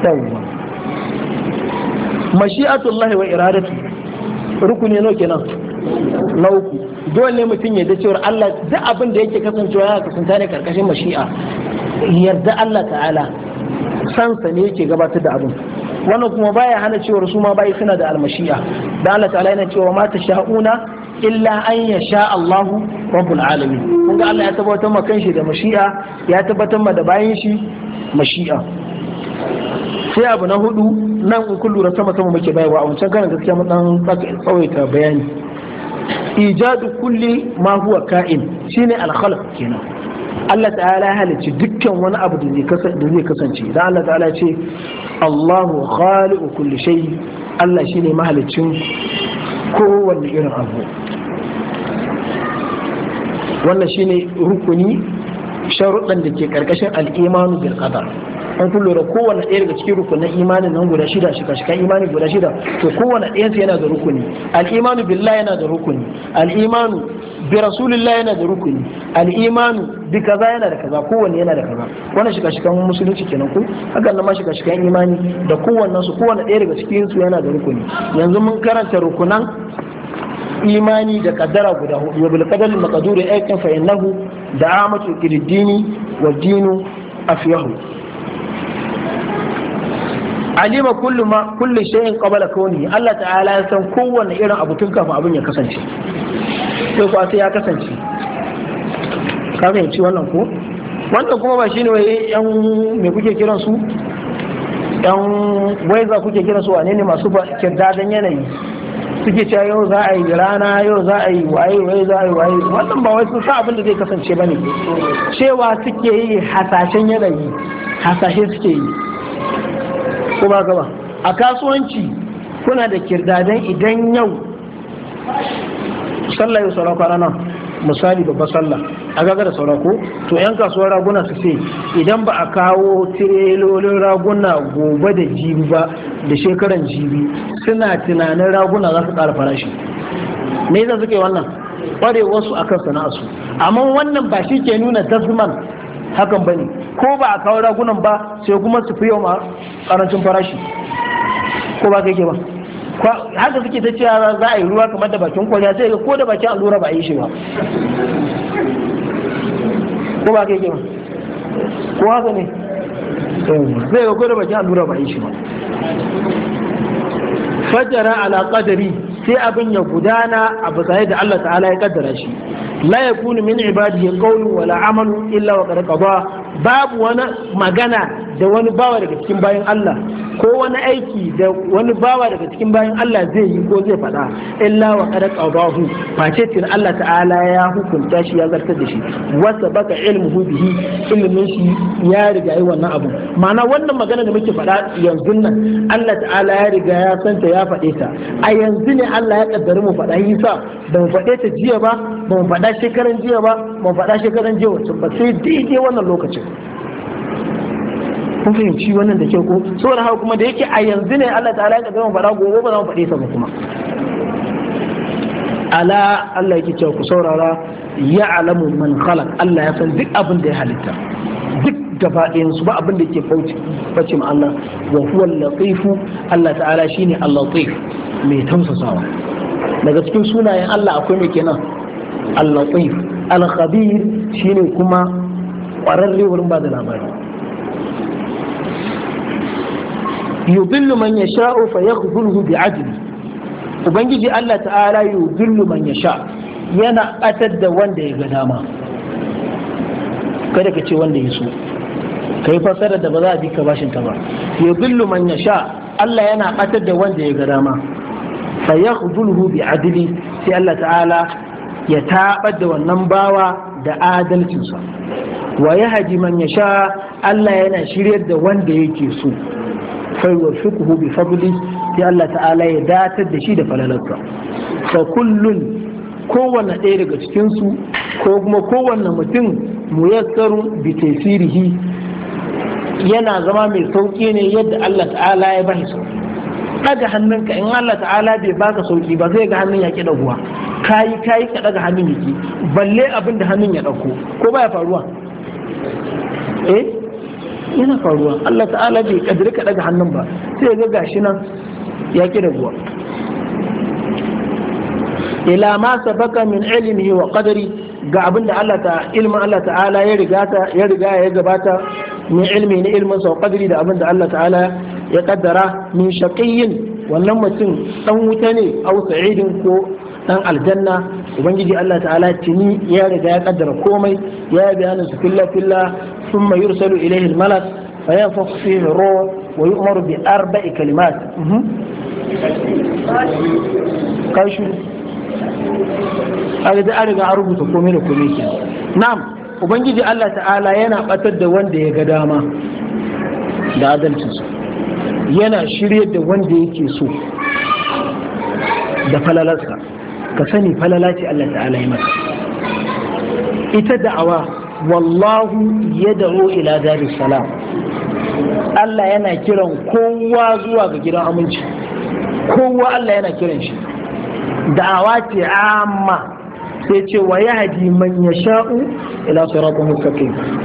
tawwa mashi'atullahi wa iradatu rukuni nawa kenan Lauku. dole mutum ya da cewar Allah duk abin da yake kasancewa ya kasanta ne karkashin mashi'a yarda Allah ta'ala sansa ne yake gabatar da abin wannan kuma baya hana cewa su ma bai suna da almashi'a da Allah ta'ala yana cewa mata sha'una illa an yasha Allah rabbul alamin kun ga Allah ya tabbatar ma kanshi da mashi'a ya tabbatar ma da bayan shi mashi'a sai abu na hudu nan in kullu sama sama muke bayarwa a wancan ganin gaskiya mun dan tsawaita bayani ijadu kulli ma huwa ka'in shine al-khalq kenan Allah ta'ala ya halicci dukkan wani abu da zai kasance idan Allah ta'ala ce Allahu khaliqu kulli shay Allah shine mahalicin kowanne irin abu wannan shine rukuni sharuɗan da ke karkashin al'imanu bil qadar an kun lura kowane ɗaya daga cikin rukunin imanin nan guda shida shika shika imani guda shida to kowane ɗayansu yana da rukuni al'imanu billahi yana da rukuni al'imanu bi rasulillah yana da rukuni al-imanu bi kaza yana da kaza kowanne yana da kaza wannan shiga shikan musulunci kenan ko hakan nan ma shiga shikan imani da kowanne su kowanne ɗaya daga cikin su yana da rukuni yanzu mun karanta rukunan imani da kadara guda hudu wa bil qadari maqduri aykin fa innahu da'amatu kididdini wa dinu afyahu alima kullu ma kullu shay'in qabla kauni Allah ta'ala ya san kowanne irin abu tun kafin abin ya kasance sai kuwa sai ya kasance ka fahimci wannan ko wannan kuma ba shine wai yan me kuke kiran su yan waiza kuke kiran su wane ne masu kirdadan yanayi suke cewa yau za a yi rana yau za a yi waye waye za a yi waye wannan ba wai sun sa abin da zai kasance bane cewa suke yi hasashen yanayi hasashe suke yi ko ba gaba a kasuwanci kuna da kirdadan idan yau sallah yau sauran kwana misali babbar sallah a gaga da sauran to yan kasuwar raguna su ce idan ba a kawo tirelolin raguna gobe da jibi ba da shekaran jibi suna tunanin raguna za su ƙara farashi me yasa suke wannan wasu akan sana'arsu amma wannan ba shi ke nuna tasman hakan bane ko ba a kawo ragunan ba sai kuma su fi yau ma ƙarancin farashi ko ba kai ke ba haka suke ta cewa za a yi ruwa kamar da bakin kwarya sai ga ko da bakin allura ba a yi shi ba ko ba kai ke ko haka ne sai ga ko da bakin allura ba a yi shi ba fajara ala qadari sai abin ya gudana a bisa da Allah ta'ala ya kaddara shi la yakunu min ibadihi qawlu wala amalu illa wa qad qada babu wani magana da wani bawa daga cikin bayan Allah ko wani aiki da wani bawa daga cikin bayan Allah zai yi ko zai faɗa illa wa qad qadahu face tin Allah ta'ala ya hukunta shi ya zartar da shi wasa baka ilmuhu bihi ilmin shi ya riga yi wannan abu ma'ana wannan magana da muke faɗa yanzu nan Allah ta'ala ya riga ya santa ya faɗe ta a yanzu ne Allah ya kaddari mu faɗa sa ba mu faɗe ta jiya ba ba mu faɗa shekaran jiya ba ba mu faɗa shekaran jiya wacce ba sai daidai wannan lokacin kun fahimci wannan da kyau ko saboda haka kuma da yake a yanzu ne Allah ta'ala ya mu fara gobe ba za mu fade sa ba kuma ala Allah yake cewa ku saurara ya alamu man khalaq Allah ya san duk abin da ya halitta duk gaba su ba abin da ke fauci bace ma Allah wa huwa al-latif Allah ta'ala shine al-latif mai tausasawa daga cikin sunayen Allah akwai me kenan al-latif al-khabir shine kuma ƙwararre wurin ba da labari yudillu man yasha'u fa yakhdhuluhu bi'adli ubangiji Allah ta'ala yudillu man yasha yana atar da wanda ya ga dama kada ka ce wanda ya so kai fasara da ba za a bi ka bashin ta ba yudillu man yasha Allah yana atar da wanda ya ga dama fa yakhdhuluhu bi'adli sai Allah ta'ala ya tabar da wannan bawa da adalcinsa waya yahdi man Allah yana shiryar da wanda yake so fa yuwaffiquhu bi fadli sai Allah ta'ala ya datar da shi da falalarsa fa kullun kowanne ɗaya daga cikin su ko kuma kowanne mutum muyassaru bi tasirihi yana zama mai sauki ne yadda Allah ta'ala ya bashi sauki daga hannunka in Allah ta'ala bai baka sauki ba zai ga hannun ya ki daguwa kayi kayi ka daga hannun yake balle abin da hannun ya dauko ko baya faruwa eh yana faruwa Allah ta'ala bai kadiri ka daga hannun ba sai ga gashi nan ya ki raguwa ila ma sabaka min ilmihi wa qadari ga abin da Allah ta ilmin Allah ta'ala ya riga ya riga ya gabata min ilmi ne ilmin sa qadari da abin da Allah ta'ala ya kaddara min shaqiyyin wannan mutum dan wuta ne au sa'idin ko dan aljanna ubangiji Allah ta'ala tuni ya riga ya kaddara komai ya yi bayanin su filla filla thumma yursalu ilaihi al-malak fa yanfakhu fihi ruh wa yu'maru bi arba'i kalimat mhm. kashu a da an riga an rubuta komai da komai ke na'am ubangiji Allah ta'ala yana batar da wanda ya ga dama da adalcinsa yana shirye da wanda yake so da falalarsa ka sani falala ce Allah ta'ala ya maka ita da'awa wallahu ya da'o ila daris salam Allah yana kiran kowa zuwa ga gidan aminci kowa Allah yana kiran shi da'awa ce amma sai ce wa ya hadi man ya sha'u ila siratul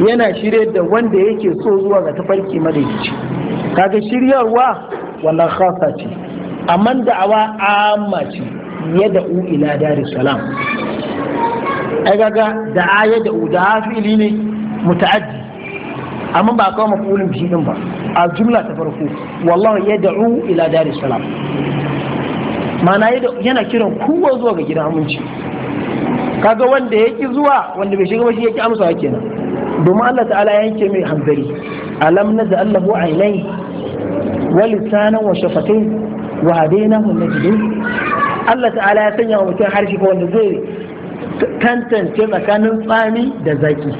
yana shirye da wanda yake so zuwa ga tafarki madaidaici kaga shiryarwa wannan khasa ce amma da'awa amma ce yada'u ila daris salam ai kaga da'a yada'u da fili ne muta'addi amma ba kawo mafulin bishi din ba a jumla ta farko wallahu yada'u ila daris salam yana kiran kowa zuwa ga gidan aminci kaga wanda ya ki zuwa wanda bai shiga ba shi ya ki amsawa kenan domin Allah ta'ala ya yanke mai hanzari alam naza allahu ainai wa lisanan wa shafatai wa hadainahu najdain Allah ta'ala ya sanya wa mutum harshe ko wanda zai tantance tsakanin tsami da zaki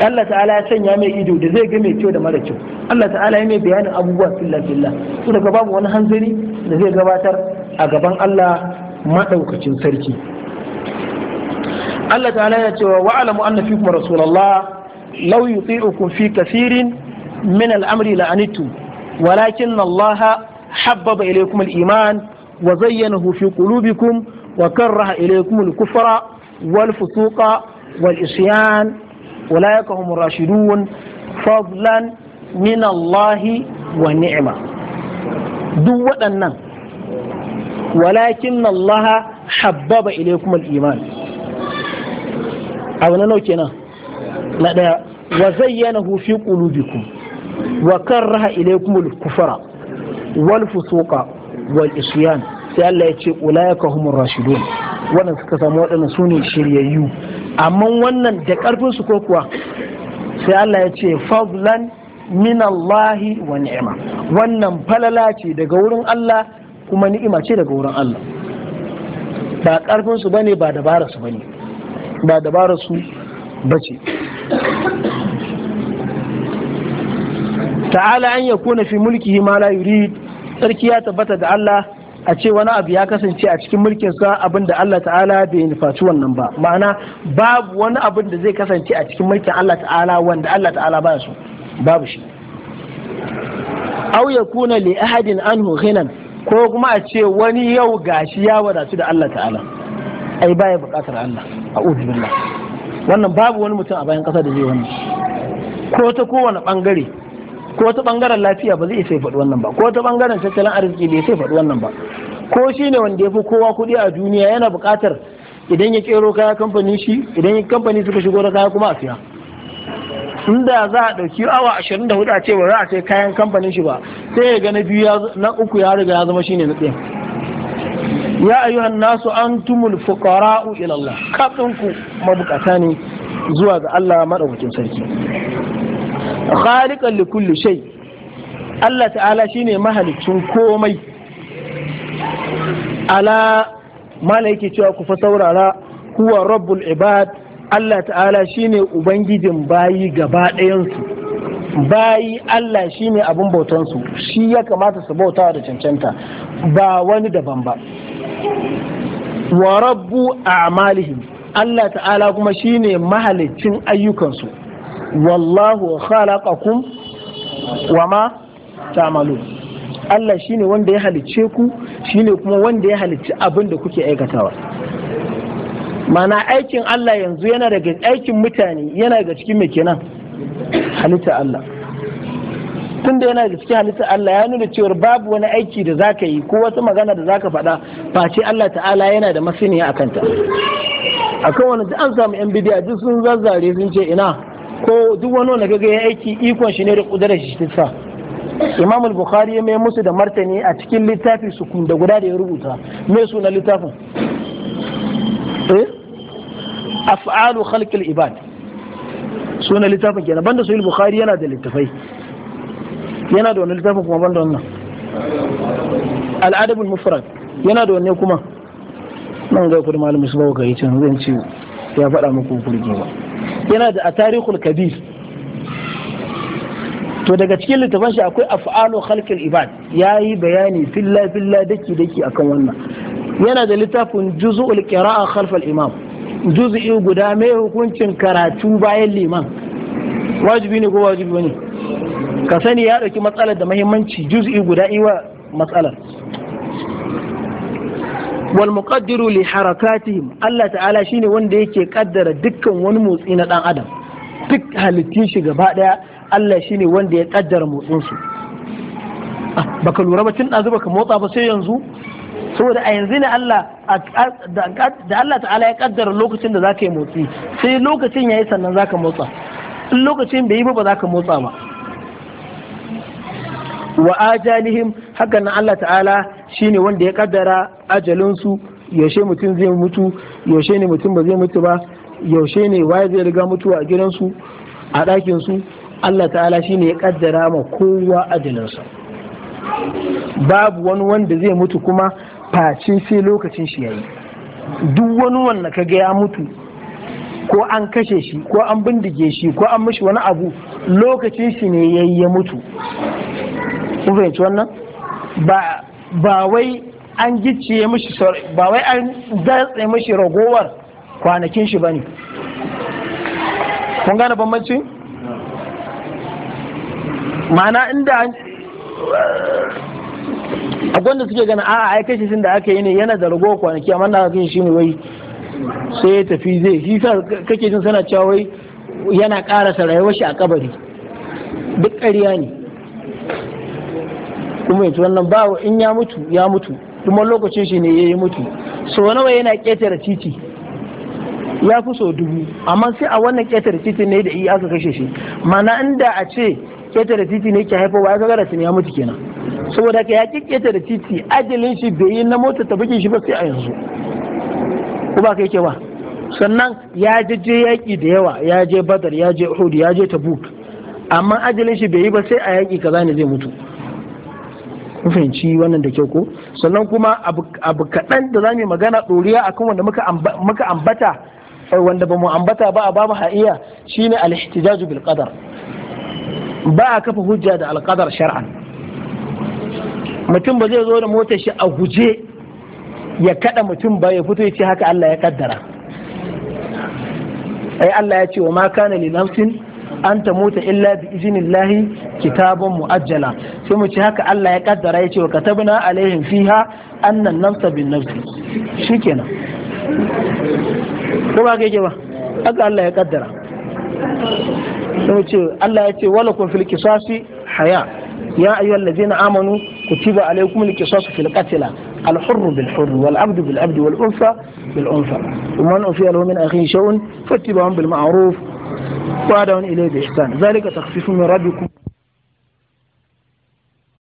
Allah ta'ala ya sanya mai ido da zai ga mai kyau da mara kyau Allah ta'ala ya mai bayanin abubuwa filla filla su daga babu wani hanzari da zai gabatar a gaban Allah maɗaukacin sarki Allah ta'ala ya cewa wa'alamu anna fikum rasulullah law yuti'ukum fi kathirin min al-amri la'anitu walakin Allah habbaba ilaykum al-iman وزينه في قلوبكم وكره إليكم الكفر والفسوق والعصيان أولئك هم الراشدون فضلا من الله ونعمة دو نعم. ولكن الله حبب إليكم الإيمان أولا نوكينا نعم. وزينه في قلوبكم وكره إليكم الكفر والفسوق wal isyan sai Allah ya ce ulaika humur rashidun wannan suka samu waɗannan su shiryayyu amma wannan da karfin su ko kuwa sai Allah ya ce fadlan min Allah wa ni'ima wannan falala ce daga wurin Allah kuma ni'ima ce daga wurin Allah ba karfin su bane ba dabara su bane ba dabara su bace ta'ala an yakuna fi mulkihi ma la yurid Sarki ya tabbata da Allah a ce wani abu ya kasance a cikin mulkinsa abin da Allah ta'ala bai nufaci wannan ba ma'ana babu wani abin da zai kasance a cikin mulkin Allah ta'ala wanda Allah ta'ala ba su babu shi aw yakuna li ahadin anhu ghinan ko kuma a ce wani yau gashi ya wadatu da Allah ta'ala ai baya bukatar Allah a'udhu billah wannan babu wani mutum a bayan kasa da zai wannan ko ta kowane bangare ko ta bangaren lafiya ba zai isa faɗi wannan ba ko ta bangaren tattalin arziki bai sai faɗi wannan ba ko shi ne wanda ya fi kowa kuɗi a duniya yana buƙatar idan ya kero kaya kamfani shi idan kamfani suka shigo da kaya kuma a siya inda za a ɗauki awa 24 a ce ba za a sai kayan kamfanin shi ba sai ya ga na biyu na uku ya riga ya zama shine na ɗaya ya ayyuhan nasu antumul fuqara'u ila Allah kafin ku mabukata ne zuwa ga Allah madaukakin sarki khaliqan li kulli shay Allah ta'ala shine mahalicin komai ala mala yake cewa ku fa saurara huwa rabbul ibad Allah ta'ala shine ubangijin bayi gaba ɗayansu bayi Allah shine abin bautansu shi ya kamata su bauta da cancanta ba wani daban ba wa rabbu a'malihim Allah ta'ala kuma shine mahalicin ayyukansu wallahu خلقكم وما تعملون Allah Allah ne wanda ya halicce ku shi ne kuma wanda ya halicci abinda kuke aikatawa mana aikin Allah yanzu yana daga aikin mutane yana daga cikin mai kenan halitta Allah tunda yana da cikin halitta Allah ya nuna cewar babu wani aiki da za ka yi ko wata magana da za ka faɗa face Allah ta'ala yana da masaniya kanta. A akan wani an samu yan bidiya sun zazzare sun ce ina ko duk wani wanda kaga ya aiki ikon shi ne da kudurar shi imam al-bukhari mai musu da martani a cikin littafi kun da guda da ya rubuta mai suna littafin eh af'alu khalqil ibad suna littafin kenan banda sahih bukhari yana da littafai yana da wani littafin kuma banda wannan al-adab al-mufrad yana da wanne kuma nan ga kuma malamin su ba ka yi can zan ciwo ya faɗa muku kurje yana da a tarihul kabir to daga cikin littafin shi akwai af'alu khalqil ibad yayi bayani filla filla daki daki akan wannan yana da littafin juz'ul qira'a khalfal imam juz'i guda mai hukuncin karatu bayan liman wajibi ne ko wajibi ne ka sani ya dauki matsalar da muhimmanci juz'i guda iwa matsalar wal muqaddiru li harakatihim Allah ta'ala shine wanda yake kaddara dukkan wani motsi na dan adam duk halittun shi gaba daya Allah shine wanda ya kaddara motsin su ah, baka lura ba tun ɗazu baka motsa ba sai yanzu saboda a yanzu ne Allah da Allah ta'ala ya kaddara lokacin da zaka yi motsi sai lokacin yayi sannan zaka motsa in lokacin bai yi ba ba zaka motsa ba wa ajalihim haka nan Allah ta'ala shine wanda ya kaddara ajalinsu yaushe mutum zai mutu yaushe ne mutum ba zai mutu ba yaushe ne waye zai riga mutuwa a gidansu a ɗakinsu Allah ta'ala shine ya kaddara ma kowa ajalinsa babu wani wanda zai mutu kuma facin sai lokacin shi yayi duk wani wanda ka ya mutu ko an kashe shi ko an bindige shi ko an mishi wani abu lokacin shi ne yayi ya mutu kun fahimci wannan ba ba wai an gicciye mishi ba wai an zatse mishi ragowar kwanakin shi bane kun gane bambanci ma'ana inda a gwanda suke gana a'a ai kashi sun da aka yi ne yana da ragowar kwanaki amma na kashi shi ne wai sai ya tafi zai shi sa kake jin sana cewa wai yana karasa rayuwar shi a kabari duk ƙarya ne kuma yanzu wannan ba in ya mutu ya mutu kuma lokacin shi ne ya yi mutu so nawa yana ketare titi ya fi so dubu amma sai a wannan ketare titi ne da iya aka kashe shi mana inda a ce ketare titi ne ke haifowa ya kaga da ya mutu kenan saboda ka ya da titi ajalin shi bai yi na mota ta bugin shi ba sai a yanzu ko ba ka yake ba sannan ya je yaƙi da yawa ya je badar ya je uhud ya je tabuk amma ajalin shi bai yi ba sai a yaƙi kaza ne zai mutu fahimci wannan da kyau ko sannan kuma abu kaɗan da za mu magana ɗoriya a kan wanda muka ambata eh, wanda ba mu ambata ba a babu ha'iya shine al-ihtijaju bil qadar ba a kafa hujja da al-qadar shar'an mutum ba zai zo da motar shi a guje ya kada mutum ba ya fito ya ce haka Allah ya kaddara ai Allah ya ce wa ma kana li an ta mota illa bi lahi kitabun mu'ajjala sai mu ce haka Allah ya kaddara ya ce wa katabna alaihim fiha annan nafsa bin nafsi shikenan ko ba ke ba haka Allah ya kaddara sai mu ce Allah ya ce wala kun fil qisasi haya يا أيها الذين آمنوا كتب عليكم القصاص في القتلى الحر بالحر والعبد بالعبد والأنثى بالأنثى ومن أوفي له من أخيه شيء فاتبعهم بالمعروف وأدعون إليه بإحسان ذلك تخفيف من ربكم